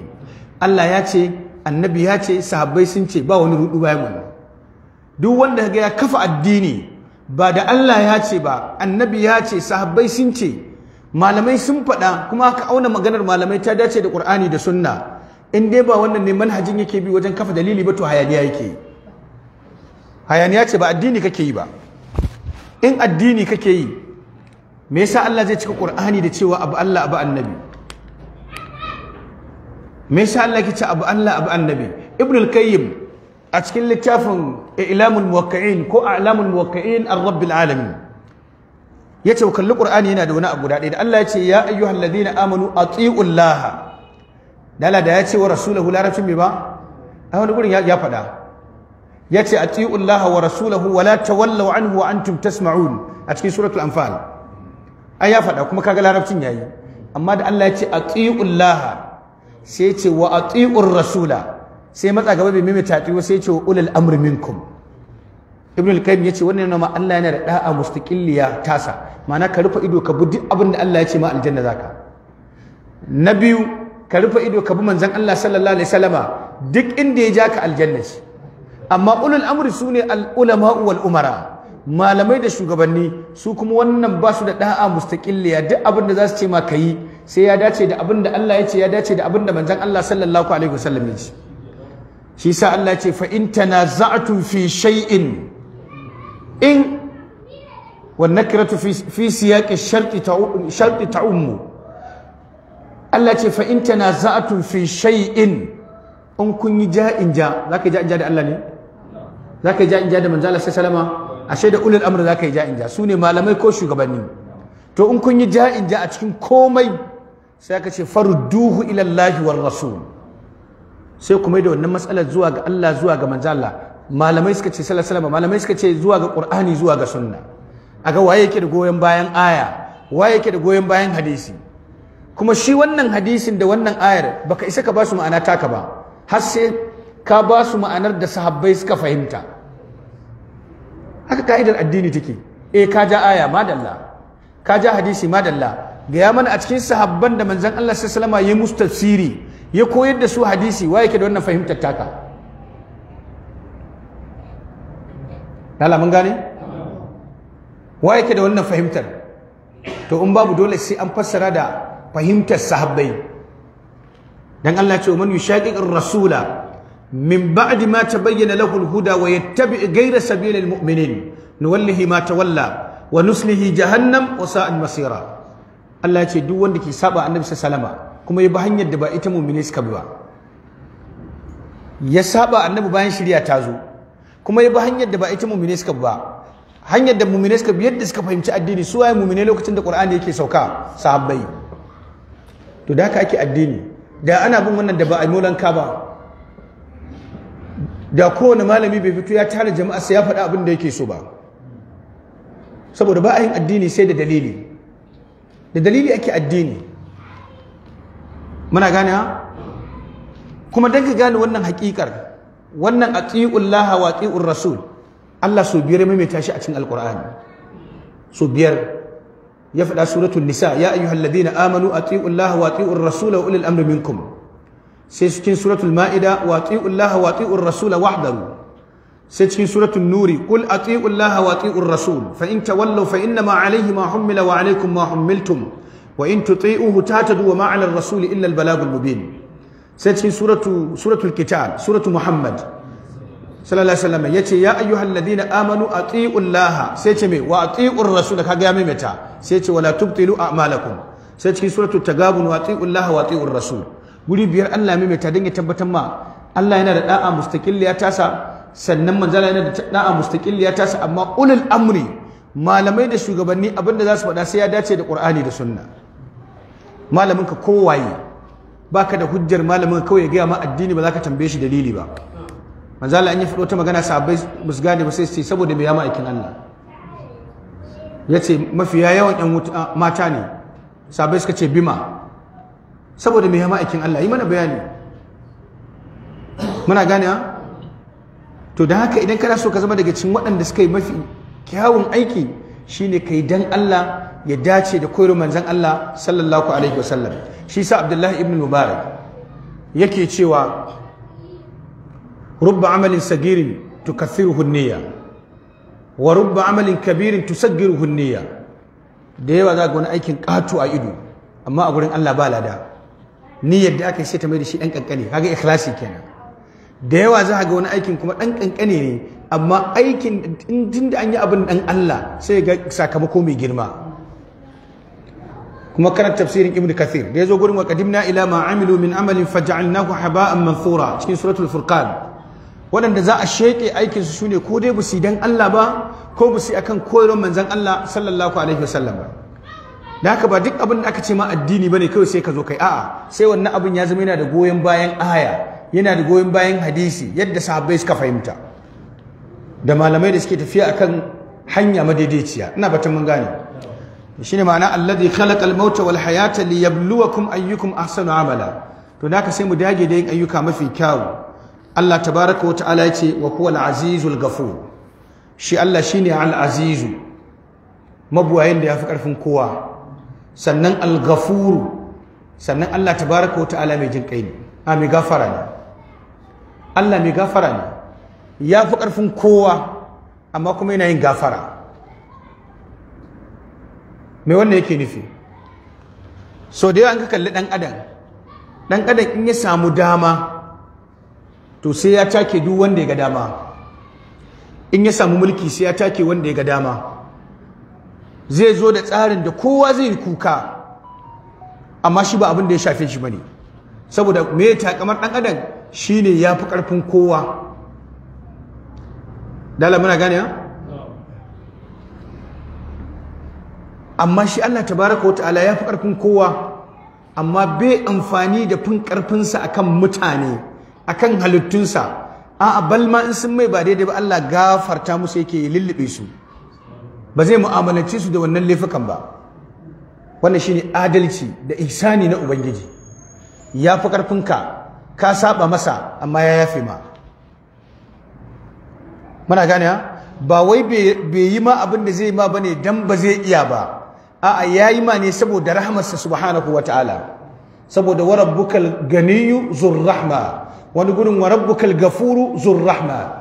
Allah ya ce annabi ya ce sahabbai sun ce ba wani rudu bayan wannan duk wanda ga ya kafa addini ba da Allah ya ce ba annabi ya ce sahabbai sun ce malamai sun faɗa kuma aka auna maganar malamai ta dace da Qur'ani da Sunna in dai ba wannan ne manhajin yake bi wajen kafa dalili ba to hayaniya yake hayaniya ce ba addini kake yi ba in addini kake yi me yasa Allah zai cika Qur'ani da cewa abu Allah abu annabi me yasa Allah yake cewa abu Allah abu annabi Ibn qayyim a cikin littafin Ilamul Muwaqqi'in ko A'lamul Muwaqqi'in ar-Rabbil Alamin ya ce kalli qur'ani yana da wani abu daɗi da Allah ya ce ya ayyuhal na amanu a tsi'un laha dala da ya ce wa rasulahu larabcin me ba a wani gurin ya faɗa ya ce a tsi'un laha wa rasulahu wa la tawallaw anhu wa antum tasma'un a cikin suratul anfal An ya faɗa kuma kaga larabcin yayi amma da Allah ya ce a tsi'un laha sai ya ce wa a tsi'un rasula sai matsa gaba bai mimita atiiwa sai ya ce wa ulul amri minkum ibn al-qayyim yace wannan nama Allah yana da da'a mustaqilliya tasa ma'ana ka rufe ido ka bi duk abin da Allah ya ce ma aljanna zaka na biyu ka rufe ido ka bi manzon Allah sallallahu alaihi wasallama duk inda ya ja ka aljanna ce amma ulul amri sune al-ulama wal umara malamai da shugabanni su kuma wannan ba su da da'a mustaqilliya duk abin da za su ce ma kayi sai ya dace da abin da Allah ya ce ya dace da abin da manzon Allah sallallahu alaihi wasallam ya ce shi sa Allah ya ce fa in tanaza'tum fi shay'in in ta fi siya ke في ta سياق Allah ce تعم التي za a في شيء in kun yi in ja za ka yi in ja da Allah ne za ka yi in ja da manzala sai salama A ashe da ulul amr za ka yi in ja su ne malamai ko shugabanni to in kun yi in ja a cikin komai sai ka ce farudduhu ila Allah war rasul sai kuma yi da wannan matsalar zuwa ga Allah zuwa ga manzala malamai suka ce sallallahu alaihi malamai suka ce zuwa ga qur'ani zuwa ga sunna aga waye yake da goyon bayan aya waye yake da goyon bayan hadisi kuma shi wannan hadisin da wannan ayar baka isa ka basu ma'ana taka ba har sai ka basu ma'anar da sahabbai suka fahimta haka ka'idar addini take eh ka ja aya madalla ka ja hadisi madalla gaya mana a cikin sahabban da manzon Allah sallallahu alaihi wasallam ya musu tafsiri ya koyar da su hadisi waye yake da wannan fahimtar taka lala mun gane wa yake da wannan fahimtar to in babu dole sai an fassara da fahimtar sahabbai dan Allah ce man yushaqiqir rasula min ba'di ma tabayyana lahu al-huda wa yattabi' ghayra sabilil mu'minin nuwallihi ma tawalla wa nuslihi jahannam wa sa'at masira Allah ce duk wanda ke saba annabi sallama kuma ya bi hanyar da ba ita mu'mini suka bi ba ya saba annabi bayan shirya ta zo kuma ya bi hanyar da ba ita mumine suka ba hanyar da mumine suka bi yadda suka fahimci addini su waye mumine lokacin da qur'ani yake sauka sahabbai to da haka ake addini da ana bin wannan da ba a yi ka ba da kowane malami bai fito ya tara jama'a sai ya faɗa abin da yake so ba saboda ba a yin addini sai da dalili da dalili ake addini muna gane ha kuma don ka gane wannan hakikar wannan atiullaha wa atiur rasul Allah so biyar mai tashi a cikin alqur'ani so biyar ya faɗa suratul nisa ya ayyuhalladhina amanu atiullaha wa atiur rasul wa ulil amri minkum sai cikin suratul ma'ida wa atiullaha wa atiur rasul wahdahu sai cikin suratul nuri qul atiullaha wa atiur rasul fa in tawallaw fa inna ma alayhi ma hummila wa alaykum ma hummiltum wa in tuti'uhu tahtadu wa ma 'ala ar-rasul illa al-balagul mubin sai cikin suratu suratul qital suratu muhammad sallallahu alaihi wasallam yace ya ayyuhal ladina amanu atiiu llaha sai ce me wa atiiu rasul kaga ya maimaita sai ce wala tubtilu a'malakum sai cikin suratul tagabun wa atiiu llaha wa atiiu rasul guri biyar Allah ya maimaita dan ya tabbatar ma Allah yana da da'a mustaqilliya tasa sannan manzala yana da da'a mustaqilliya tasa amma ulul amri malamai da shugabanni abinda za su faɗa sai ya dace da Qur'ani da Sunna malamin ka kowaye baka da hujjar malamin kawai ya gaya ma addini ba za ka tambaye shi dalili ba manzo Allah an yi fado ta magana sahabbai ba ba sai su saboda me ya ma aikin Allah yace mafiya yawan ƴan mata ne sahabbai suka ce bima saboda me ya ma aikin Allah yi mana bayani muna gane ha to da haka idan kana so ka zama daga cikin waɗanda suka yi mafi kyawun aiki shine kai dan Allah ya dace da koyar manzon Allah sallallahu alaihi wasallam shi sa abdullahi ibn mubarak yake cewa rubba amalin sagirin tukathiruhu hunniya wa rubba amalin kabirin tusaggiruhu hunniya da yawa za ga wani aikin ƙato a ido amma a gurin Allah ba lada niyyar da aka yi ta mai da shi ɗan ƙanƙani kaga ikhlasi kenan da yawa za ga wani aikin kuma ɗan ƙanƙani ne amma aikin tun da an yi abin ɗan Allah sai ga sakamako mai girma kuma karanta tafsirin ibnu kathir da yazo gurin wa qadimna ila ma amilu min amalin faj'alnahu haba'an mansura cikin suratul furqan waɗanda za a sheƙe aikinsu su ne ko dai ba su dan Allah ba ko ba su akan koyarwar manzon Allah sallallahu alaihi wasallam ba da haka ba duk abin da aka ce ma addini bane kawai sai ka zo kai a'a sai wannan abin ya zama yana da goyon bayan aya yana da goyon bayan hadisi yadda sahabbai suka fahimta da malamai da suke tafiya akan hanya madaidaiciya ina batun mun gane ne ma'ana alladhi khalaqa al-mauta wal hayata liyabluwakum ayyukum ahsanu amala to ka sai mu dage da yin ayyuka mafi kyawu Allah tabaraka wa ta'ala yace wa al azizul ghafur shi Allah shine al aziz mabuwayin da yafi karfin kowa sannan al-ghafur sannan Allah tabaraka wa ta'ala mai jin kai ne a mai gafara ne Allah mai gafara ne yafi karfin kowa amma kuma yana yin gafara me wannan yake nufi so da yawa an ka kalli dan adam dan adam in ya samu dama to sai ya take duk wanda ya ga dama in ya samu mulki sai ya take wanda ya ga dama zai zo da tsarin da kowa zai kuka amma shi ba abin da ya shafe shi ba ne, saboda me ya takamar dan adam shine yafi karfin kowa dala muna gane ha amma shi Allah tabaraka wa ta'ala ya fi ƙarfin kowa amma bai amfani da fin ƙarfinsa akan mutane akan halittunsa a'a bal ma in sun mai ba daidai ba Allah gafarta musu yake lullube su ba zai mu'amalanci su da wannan laifukan ba wannan shine adalci da ihsani na ubangiji ya fi ƙarfinka ka saba masa amma ya yafe ma muna gane ba wai bai yi ma abin da zai ma bane dan ba zai iya ba a'a yayi ma ne saboda rahmarsa subhanahu wataala saboda wa rabbukal ganiyyu zur rahma wani gurin wa rabbukal gafuru zur rahma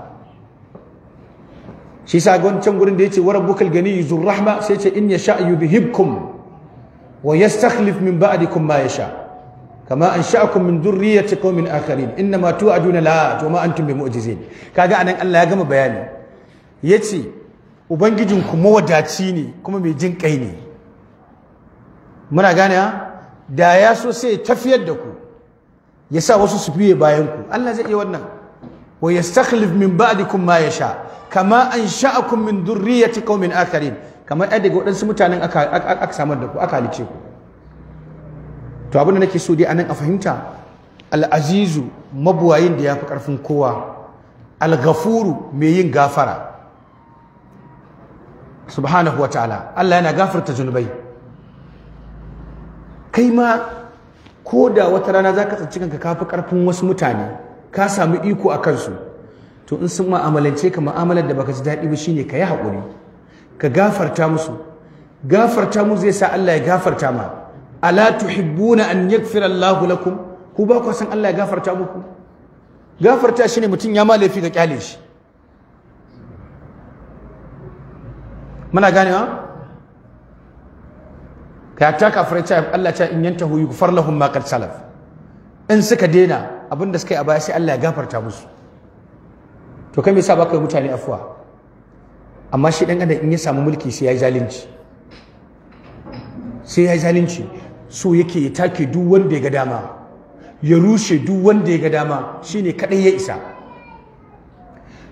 shi sa can gurin da yace wa rabbukal ganiyyu zur rahma sai yace in yasha yudhibkum wa yastakhlif min ba'dikum ma yasha' kama an sha'akum min dhurriyyati qaumin akharin inna ma tu'aduna la to ma antum bimu'jizin kaga anan Allah ya gama bayani ubangijinku mawadaci ne kuma mai jin kai ne muna gane da ya so sai tafiyar da ku ya sa wasu su fiye bayan ku Allah zai iya wannan wa yastakhlif min ba'dikum ma sha. kama an ansha'akum min dhurriyyati qaumin akharin Kama ai daga waɗansu mutanen aka samar da ku aka halice ku to abin da nake so dai anan a fahimta Al-azizu mabuwayin da ya fi ƙarfin kowa al-ghafuru mai yin gafara subhanahu wa ta'ala Allah yana gafarta zunubai kai ma ko da wata rana za ka tsinci kanka ka fi ƙarfin wasu mutane ka samu iko a kansu to in sun ma'amalance ka ma'amalar da baka ji daɗi ba shine ka yi haƙuri ka gafarta musu gafarta musu zai sa Allah ya gafarta ma ala tuhibbuna an yaghfira Allahu lakum ku ba ku san Allah ya gafarta muku gafarta shine mutum ya ma laifi ka kyale shi muna ganewa ka ta kafirai cewa Allah cewa in yantahu yughfar lahum ma qad salaf in suka daina abinda suka yi a baya sai Allah ya gafarta musu to kai me yasa baka yi mutane afuwa amma shi dan adam in ya samu mulki sai ya yi zalunci sai ya yi zalunci so yake ya take duk wanda ya ga dama ya rushe duk wanda ya ga dama shine kadai ya isa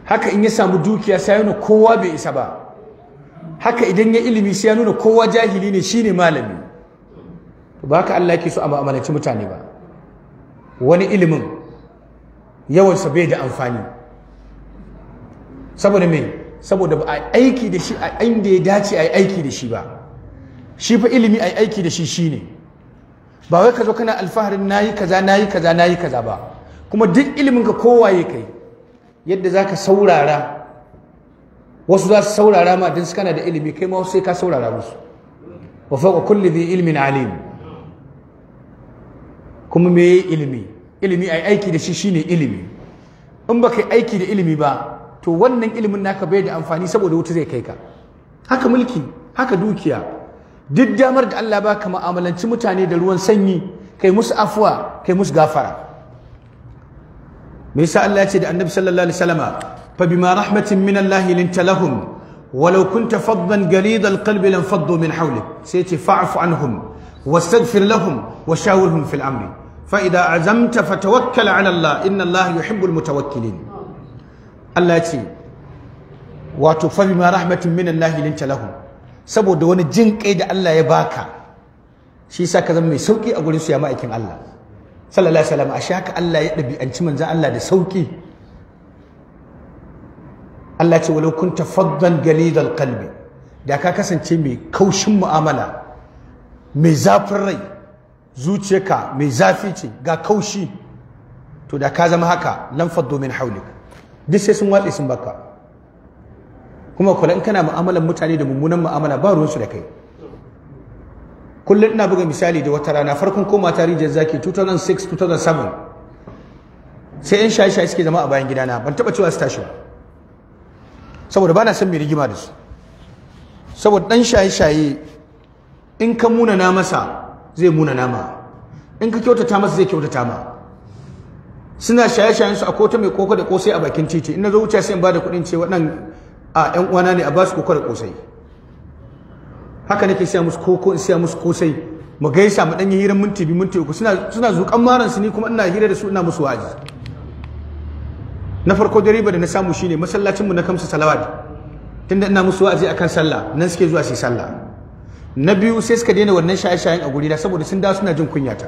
haka in ya samu dukiya sai yana kowa bai isa ba haka idan ya ilimi sai ya nuna kowa jahili ne shine malami ba haka Allah yake so a ma'amalanci mutane ba wani ilimin yawansa bai da amfani saboda me saboda ba a aiki da shi a inda ya dace a aiki da shi ba shi fa ilimi a aiki da shi shine ba wai ka zo kana alfaharin nayi kaza nayi kaza nayi kaza ba kuma duk ilimin ka kowa ya kai yadda zaka saurara wasu za su saurara ma din na da ilimi kai ma sai ka saurara musu wa fawqa kulli dhi ilmin alim kuma me ilimi ilimi ai aiki da shi shine ilimi in baka yi aiki da ilimi ba to wannan ilimin naka bai da amfani saboda wuta zai kai ka haka mulki haka dukiya duk damar da Allah baka ma'amalanci mutane da ruwan sanyi kai musu afuwa kai musu gafara me yasa Allah ya ce da Annabi sallallahu alaihi wasallama فبما رحمة من الله لنت لهم ولو كنت فظا جليد القلب لانفضوا من حولك سيتي فاعف عنهم واستغفر لهم وشاورهم في الأمر فإذا عزمت فتوكل على الله إن الله يحب المتوكلين الله يتي wato fa bima rahmatin min Allah linta lahum saboda wani jin kai da Allah ya baka shi yasa ka zama mai sauki a gurin su ya ma'aikin Allah sallallahu alaihi wasallam a shaka Allah ya dabi'anci manzon Allah da sauƙi. Allah ce walau kunta faddan galidal qalbi da ka kasance mai kaushin mu'amala mai zafin rai zuciyarka mai zafi ce ga kaushi to da ka zama haka lan faddo min haulik duk sai sun watse sun baka kuma kula in kana mu'amalan mutane da mummunan mu'amala ba ruwansu da kai kullum ina buga misali da wata rana farkon koma tarihin zaki 2006 2007 sai yan shaye-shaye suke zama a bayan gidana ban taba cewa su tashi ba saboda ba na son mai rigima da su saboda ɗan shaye-shaye in ka munana masa zai munana ma in ka kyautata masa zai kyautata ma suna shaye shaye su a kota mai koko da kosai a bakin titi in na zo wuce sai in ba da kuɗin ce waɗan a ƴan uwana ne a ba su koko da kosai haka nake siya musu koko in siya musu kosai mu gaisa mu ɗan yi hirar minti biyu minti uku suna zuƙan maransu ni kuma ina hira da su ina musu wa'azi na farko da riba da na samu shine masallacinmu na kamsu salawat tunda ina musu wa'azi akan sallah nan suke zuwa su sallah na biyu sai suka daina wannan shaye-shayen a gurina saboda sun da suna jin kunyata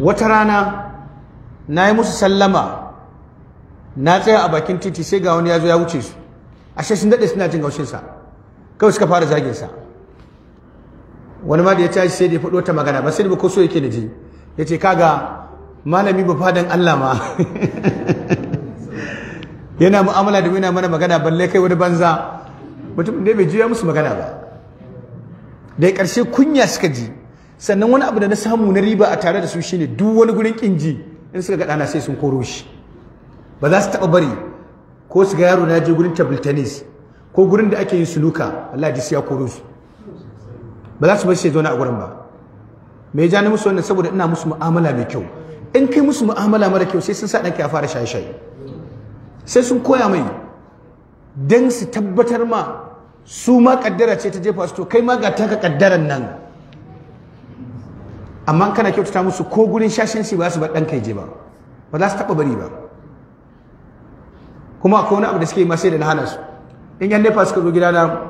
wata rana na yi musu sallama na tsaya a bakin titi sai ga wani ya zo ya wuce su ashe sun daɗe suna jin gaushinsa kawai suka fara zagin sa wani ma da ya tashi sai da ya faɗo ta magana ba sai da ko so yake da ji ya ce kaga malami ba fadan Allah ma yana mu'amala da yana mana magana balle kai wani banza mutum ne bai jiya musu magana ba da karshe kunya suka ji sannan wani abu da na samu na riba a tare da su shine duk wani gurin kinji in suka ga dana sai sun koro shi ba za su taba bari ko su ga yaro na je gurin table tennis ko gurin da ake yin suluka Allah ji ya koro su ba za su bar shi zauna a gurin ba me ya ja ni musu wannan saboda ina musu mu'amala mai kyau in kai musu ma'amala mara kyau sai sun sa ɗanka ya fara shaye-shaye sai sun koya mai don su tabbatar ma su ma kaddara ce ta jefa su to kai ma ga taka ƙaddaran nan amma kana kyautata musu ko gurin shi ba su bar ɗanka ya je ba ba za su taɓa bari ba kuma akwai wani abu da suke yi ma sai da na hana su in yan nefa suka zo na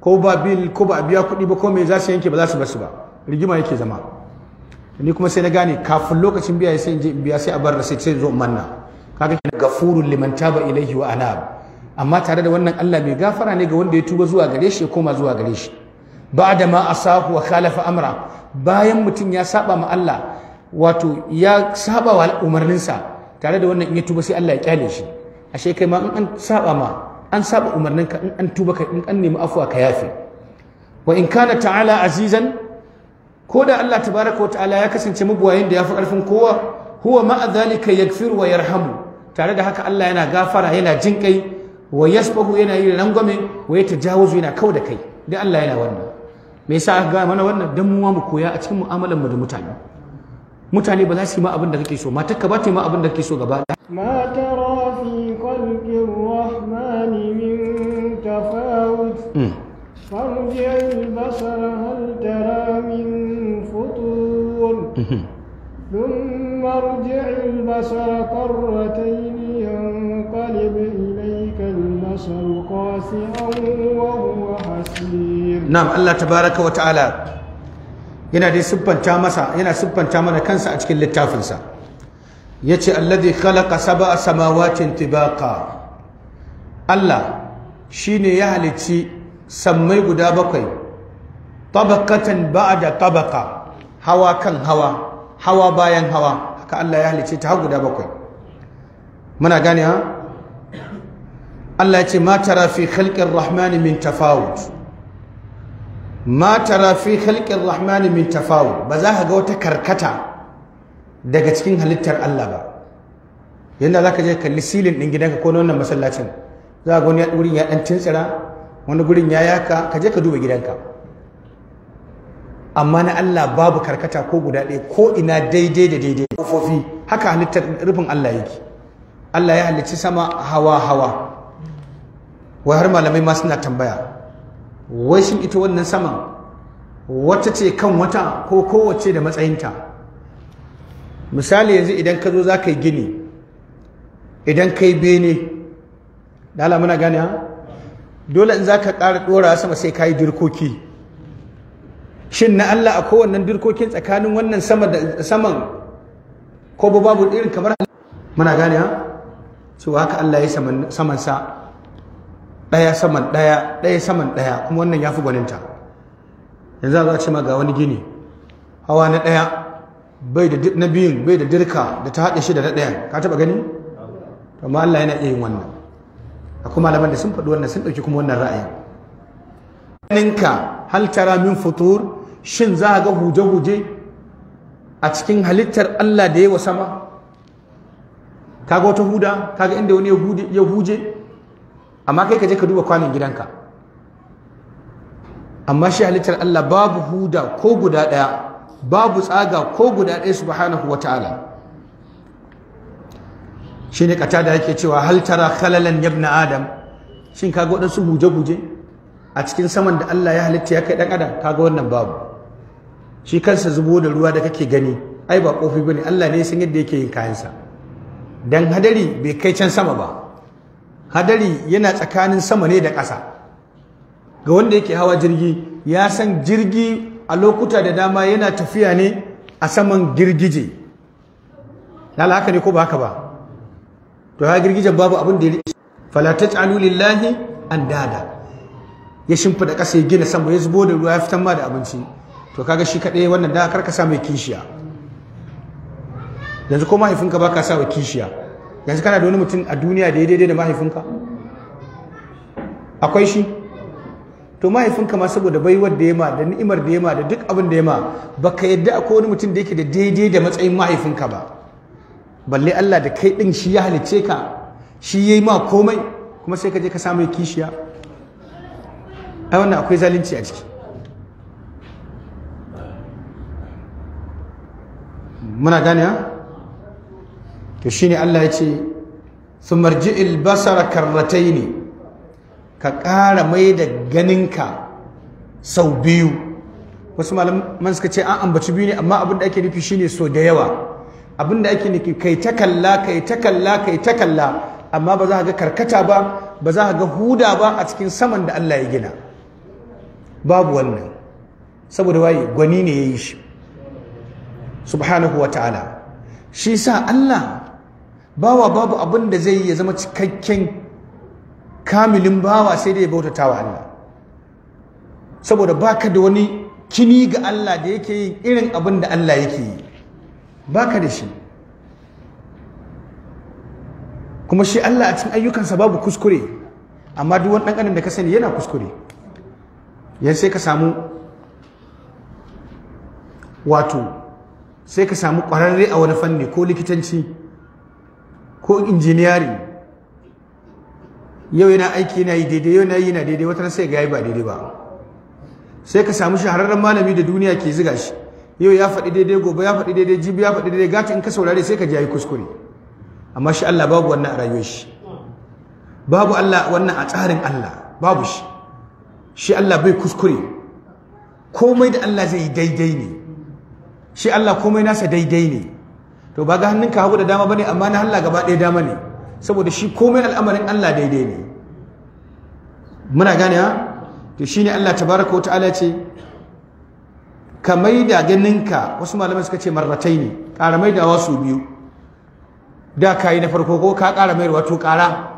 ko ba bil ko ba biya kuɗi ba ko me za su yanke ba za su ba su ba rigima yake zama ni kuma sai na gane kafin lokacin biya sai in je biya sai a barra sai zo manna kaga kenan gafurun liman taba ilaihi wa anab amma tare da wannan Allah mai gafara ne ga wanda ya tuba zuwa gare shi ya koma zuwa gare shi ba'da ma asahu wa khalafa amra bayan mutum ya saba ma Allah wato ya saba wa umarninsa tare da wannan in ya tuba sai Allah ya kyale shi ashe kai ma in an saba ma an saba umarninka in an tuba ka in an nemi afuwa ka yafe wa in kana ta'ala azizan ko da Allah tabaraka wa ta'ala ya kasance mugwayin da ya fi ƙarfin kowa huwa ma zalika yaghfiru wa yarhamu tare da haka Allah yana gafara yana jin kai wa yasbahu yana yi rangwame wa ya tajawuzu yana kau da kai da Allah yana wannan me yasa aka ga mana wannan dan mu mu koya a cikin mu'amalar mu da mutane mutane ba za su yi ma abin da kake so ka ba ta yi ma abin da kake so gaba ɗaya ma tara fi qalbi rahmani min tafawut hmm. farji al hal tarami ثم ارجع البصر كرتين ينقلب إليك البصر خاسئا وهو حسير نعم الله تبارك وتعالى yana dai siffanta masa yana siffanta mana kansa a cikin littafinsa yace alladhi khalaqa sab'a samawatin tibaqa Allah shine ya halicci sammai guda bakwai ba'a da tabaqa hawa kan hawa hawa bayan hawa haka Allah ya halice ta guda bakwai muna gani ha Allah ya ce ma tara fi khalqir rahman min tafawut ma tara fi khalqir rahman min tafawut ba za ka ga wata karkata daga cikin halittar Allah ba yanda zaka je kalli silin din gidanka ko na wannan masallacin za ga wani wurin ya dan tintsira wani gurin ya yaka ka je ka duba gidanka amma na Allah babu karkata ko guda ɗaya ko ina daidai da daidai kofofi haka halittar rufin Allah yake Allah ya halicci sama hawa hawa wai har malamai ma suna tambaya wai shin ita wannan sama? wata ce kan wata ko kowace da matsayinta misali yanzu idan ka zo za ka yi gini idan ka yi bene da muna gani ha dole in za ka ƙara ɗora sama sai ka yi dirkoki shin na Allah a kowannan dirkokin tsakanin wannan sama da saman ko ba babu irin kamar muna gane ha so haka Allah ya saman sa daya saman daya daya saman daya kuma wannan yafi gwaninta yanzu za a ce ma ga wani gini hawa na daya bai da na biyun bai da dirka da ta haɗe shi da na ɗayan ka taɓa gani amma Allah yana iya yin wannan akwai malaman da sun faɗi wannan sun ɗauki kuma wannan ra'ayin ninka hal tara min futur shin za ga huje-huje a cikin halittar Allah da yawa sama kaga wata huda kaga inda wani ya huje amma kai ka je ka duba kwanin gidanka amma shi halittar Allah babu huda ko guda ɗaya babu tsaga ko guda ɗaya subhanahu wata'ala shi ne kata da yake cewa haltara tara khalalan yabna adam shin kaga waɗansu huje-huje a cikin saman da Allah ya halitta ya kai dan adam kaga wannan babu shi kansa zubo da ruwa da kake gani ai ba kofi bane Allah ne san yadda yake yin kayansa dan hadari bai kai can sama ba hadari yana tsakanin sama ne da ƙasa ga wanda yake hawa jirgi ya san jirgi a lokuta da dama yana tafiya ne a saman girgije lala haka ne ko ba haka ba to ha girgijen babu abin da ya fala taj'alu lillahi andada ya shimfida kasa ya gina sama ya zubo da ruwa ya fitan ma da abinci to kaga shi kaɗai wannan da kar ka sa mai kishiya yanzu ko mahaifinka ba ka sa wa kishiya yanzu kana da wani mutum a duniya da ya daidai da mahaifinka akwai shi to mahaifinka ma saboda baiwar da ya ma da ni'imar da ya ma da duk abin da ya ma ba yarda yadda akwai wani mutum da yake da daidai da matsayin mahaifinka ba balle Allah da kai din shi ya halicce ka shi ya yi ma komai kuma sai ka je ka samu kishiya ai wannan akwai zalunci a ciki muna gane ha to shine Allah ya ce sumarji karratai karrataini ka ƙara mai da ganinka sau biyu wasu malaman suka ce an ambaci biyu ne amma abin da ake nufi shine so da yawa abin da ake nufi kai ta kalla kai ta kalla kai ta kalla amma ba za ka ga karkata ba ba za ka ga huda ba a cikin saman da Allah ya gina babu wannan saboda waye gwani ne ya yi shi subhanahu wa ta'ala shi sa Allah bawa babu abin da zai ya zama cikakken kamilin bawa sai da ya bautata wa Allah saboda baka da wani kini ga Allah da yake yi irin abin da Allah yake yi baka da shi kuma shi Allah a cikin ayyukansa babu kuskure amma duk wani ɗan da ka sani yana kuskure yan sai ka samu wato sai ka samu ƙwararre a wani fanni ko likitanci ko injiniyari yau yana aiki yana yi daidai yau yana yi yana daidai wata sai ga yi ba daidai ba sai ka samu shahararren malami da duniya ke ziga shi yau ya faɗi daidai gobe ya faɗi daidai jibi ya faɗi daidai gata in ka saurare sai ka ji yayi kuskure amma shi Allah babu wannan a rayuwar shi babu Allah wannan a tsarin Allah babu shi shi Allah bai kuskure komai da Allah zai yi daidai ne shi Allah komai nasa daidai ne to ba ga hannunka hagu da dama bane amma na Allah gaba ɗaya dama ne saboda shi komai al'amarin Allah daidai ne muna gane ha to shine Allah tabaraka wa ta'ala ce ka mai ganin ka wasu malamai suka ce marratai ne ƙara da wasu biyu da ka yi na farko ko ka ƙara mayar wato ƙara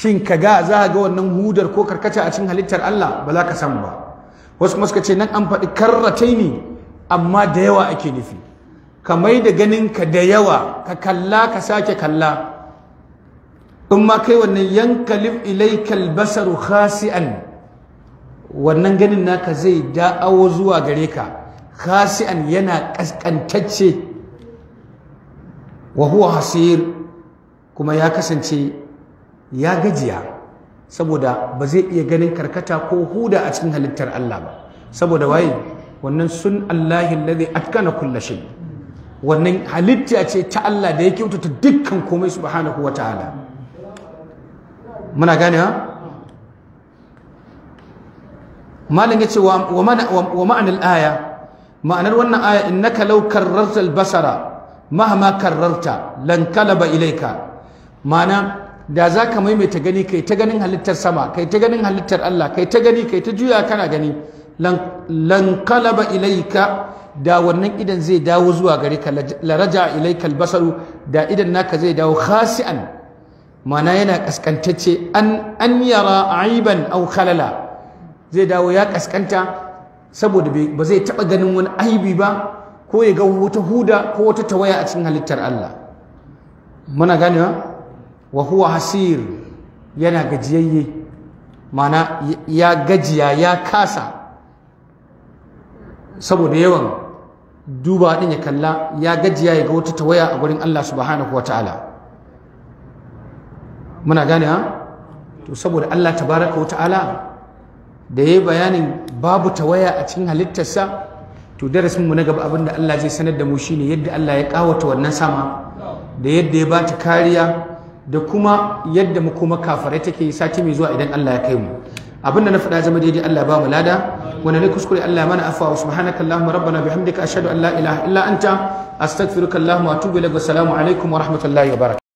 shin ka ga za ga wannan hudar ko karkata a cin halittar Allah ba za ka samu ba wasu kuma suka ce nan an faɗi karratai ne amma da yawa ake nufi ka mai da ganin ka da yawa ka kalla ka sake kalla in ma kai wannan yankalif ilaikal basaru khasi'an wannan ganin naka zai da'awo zuwa gare ka khasi'an yana kaskantacce wa huwa hasir kuma ya kasance ya gajiya saboda ba zai iya ganin karkata ko huda a cikin halittar Allah ba saboda waye wannan sun Allahi alladhi atkana kulla shay wannan halitta ce ta Allah da ya kyautata dukkan komai subhanahu wataala muna gane ha malam yace wa wa aya ma'anar wannan aya innaka law karrarta al-basara mahma karrarta lan kalaba ilayka ma'ana da za ka maimaita gani kai ta ganin halittar sama kai ta ganin halittar Allah kai ta gani kai ta juya kana gani lan kalaba ilaika da wannan idan zai dawo zuwa gare ka laraja ilaika albasaru da idan naka zai dawo khasi'an mana yana kaskantacce an an yara aiban aw khalala zai dawo ya kaskanta saboda ba zai taba ganin wani aibi ba ko ya ga wata huda ko wata tawaya a cikin halittar Allah muna ganewa wa huwa hasir yana gajiyayye mana ya gajiya ya kasa saboda yawan duba din ya kalla ya gajiya ya ga wata tawaya a gurin Allah subhanahu wa ta'ala muna gane ha to saboda Allah tabaraka wa ta'ala da yayi bayanin babu tawaya a cikin halittarsa to darasin mu na gaba abinda Allah zai sanar da mu shine yadda Allah ya kawata wannan sama da yadda ya bata kariya da kuma yadda mu kuma kafare take sati mai zuwa idan Allah ya kai mu abin da na faɗa zama daidai Allah ba mu lada wanda ne kuskure Allah mana afa wa subhanaka allahumma rabbana bihamdika ashhadu an la ilaha illa anta astaghfiruka allahumma wa atubu ilaik wa assalamu alaikum wa rahmatullahi wa barakatuh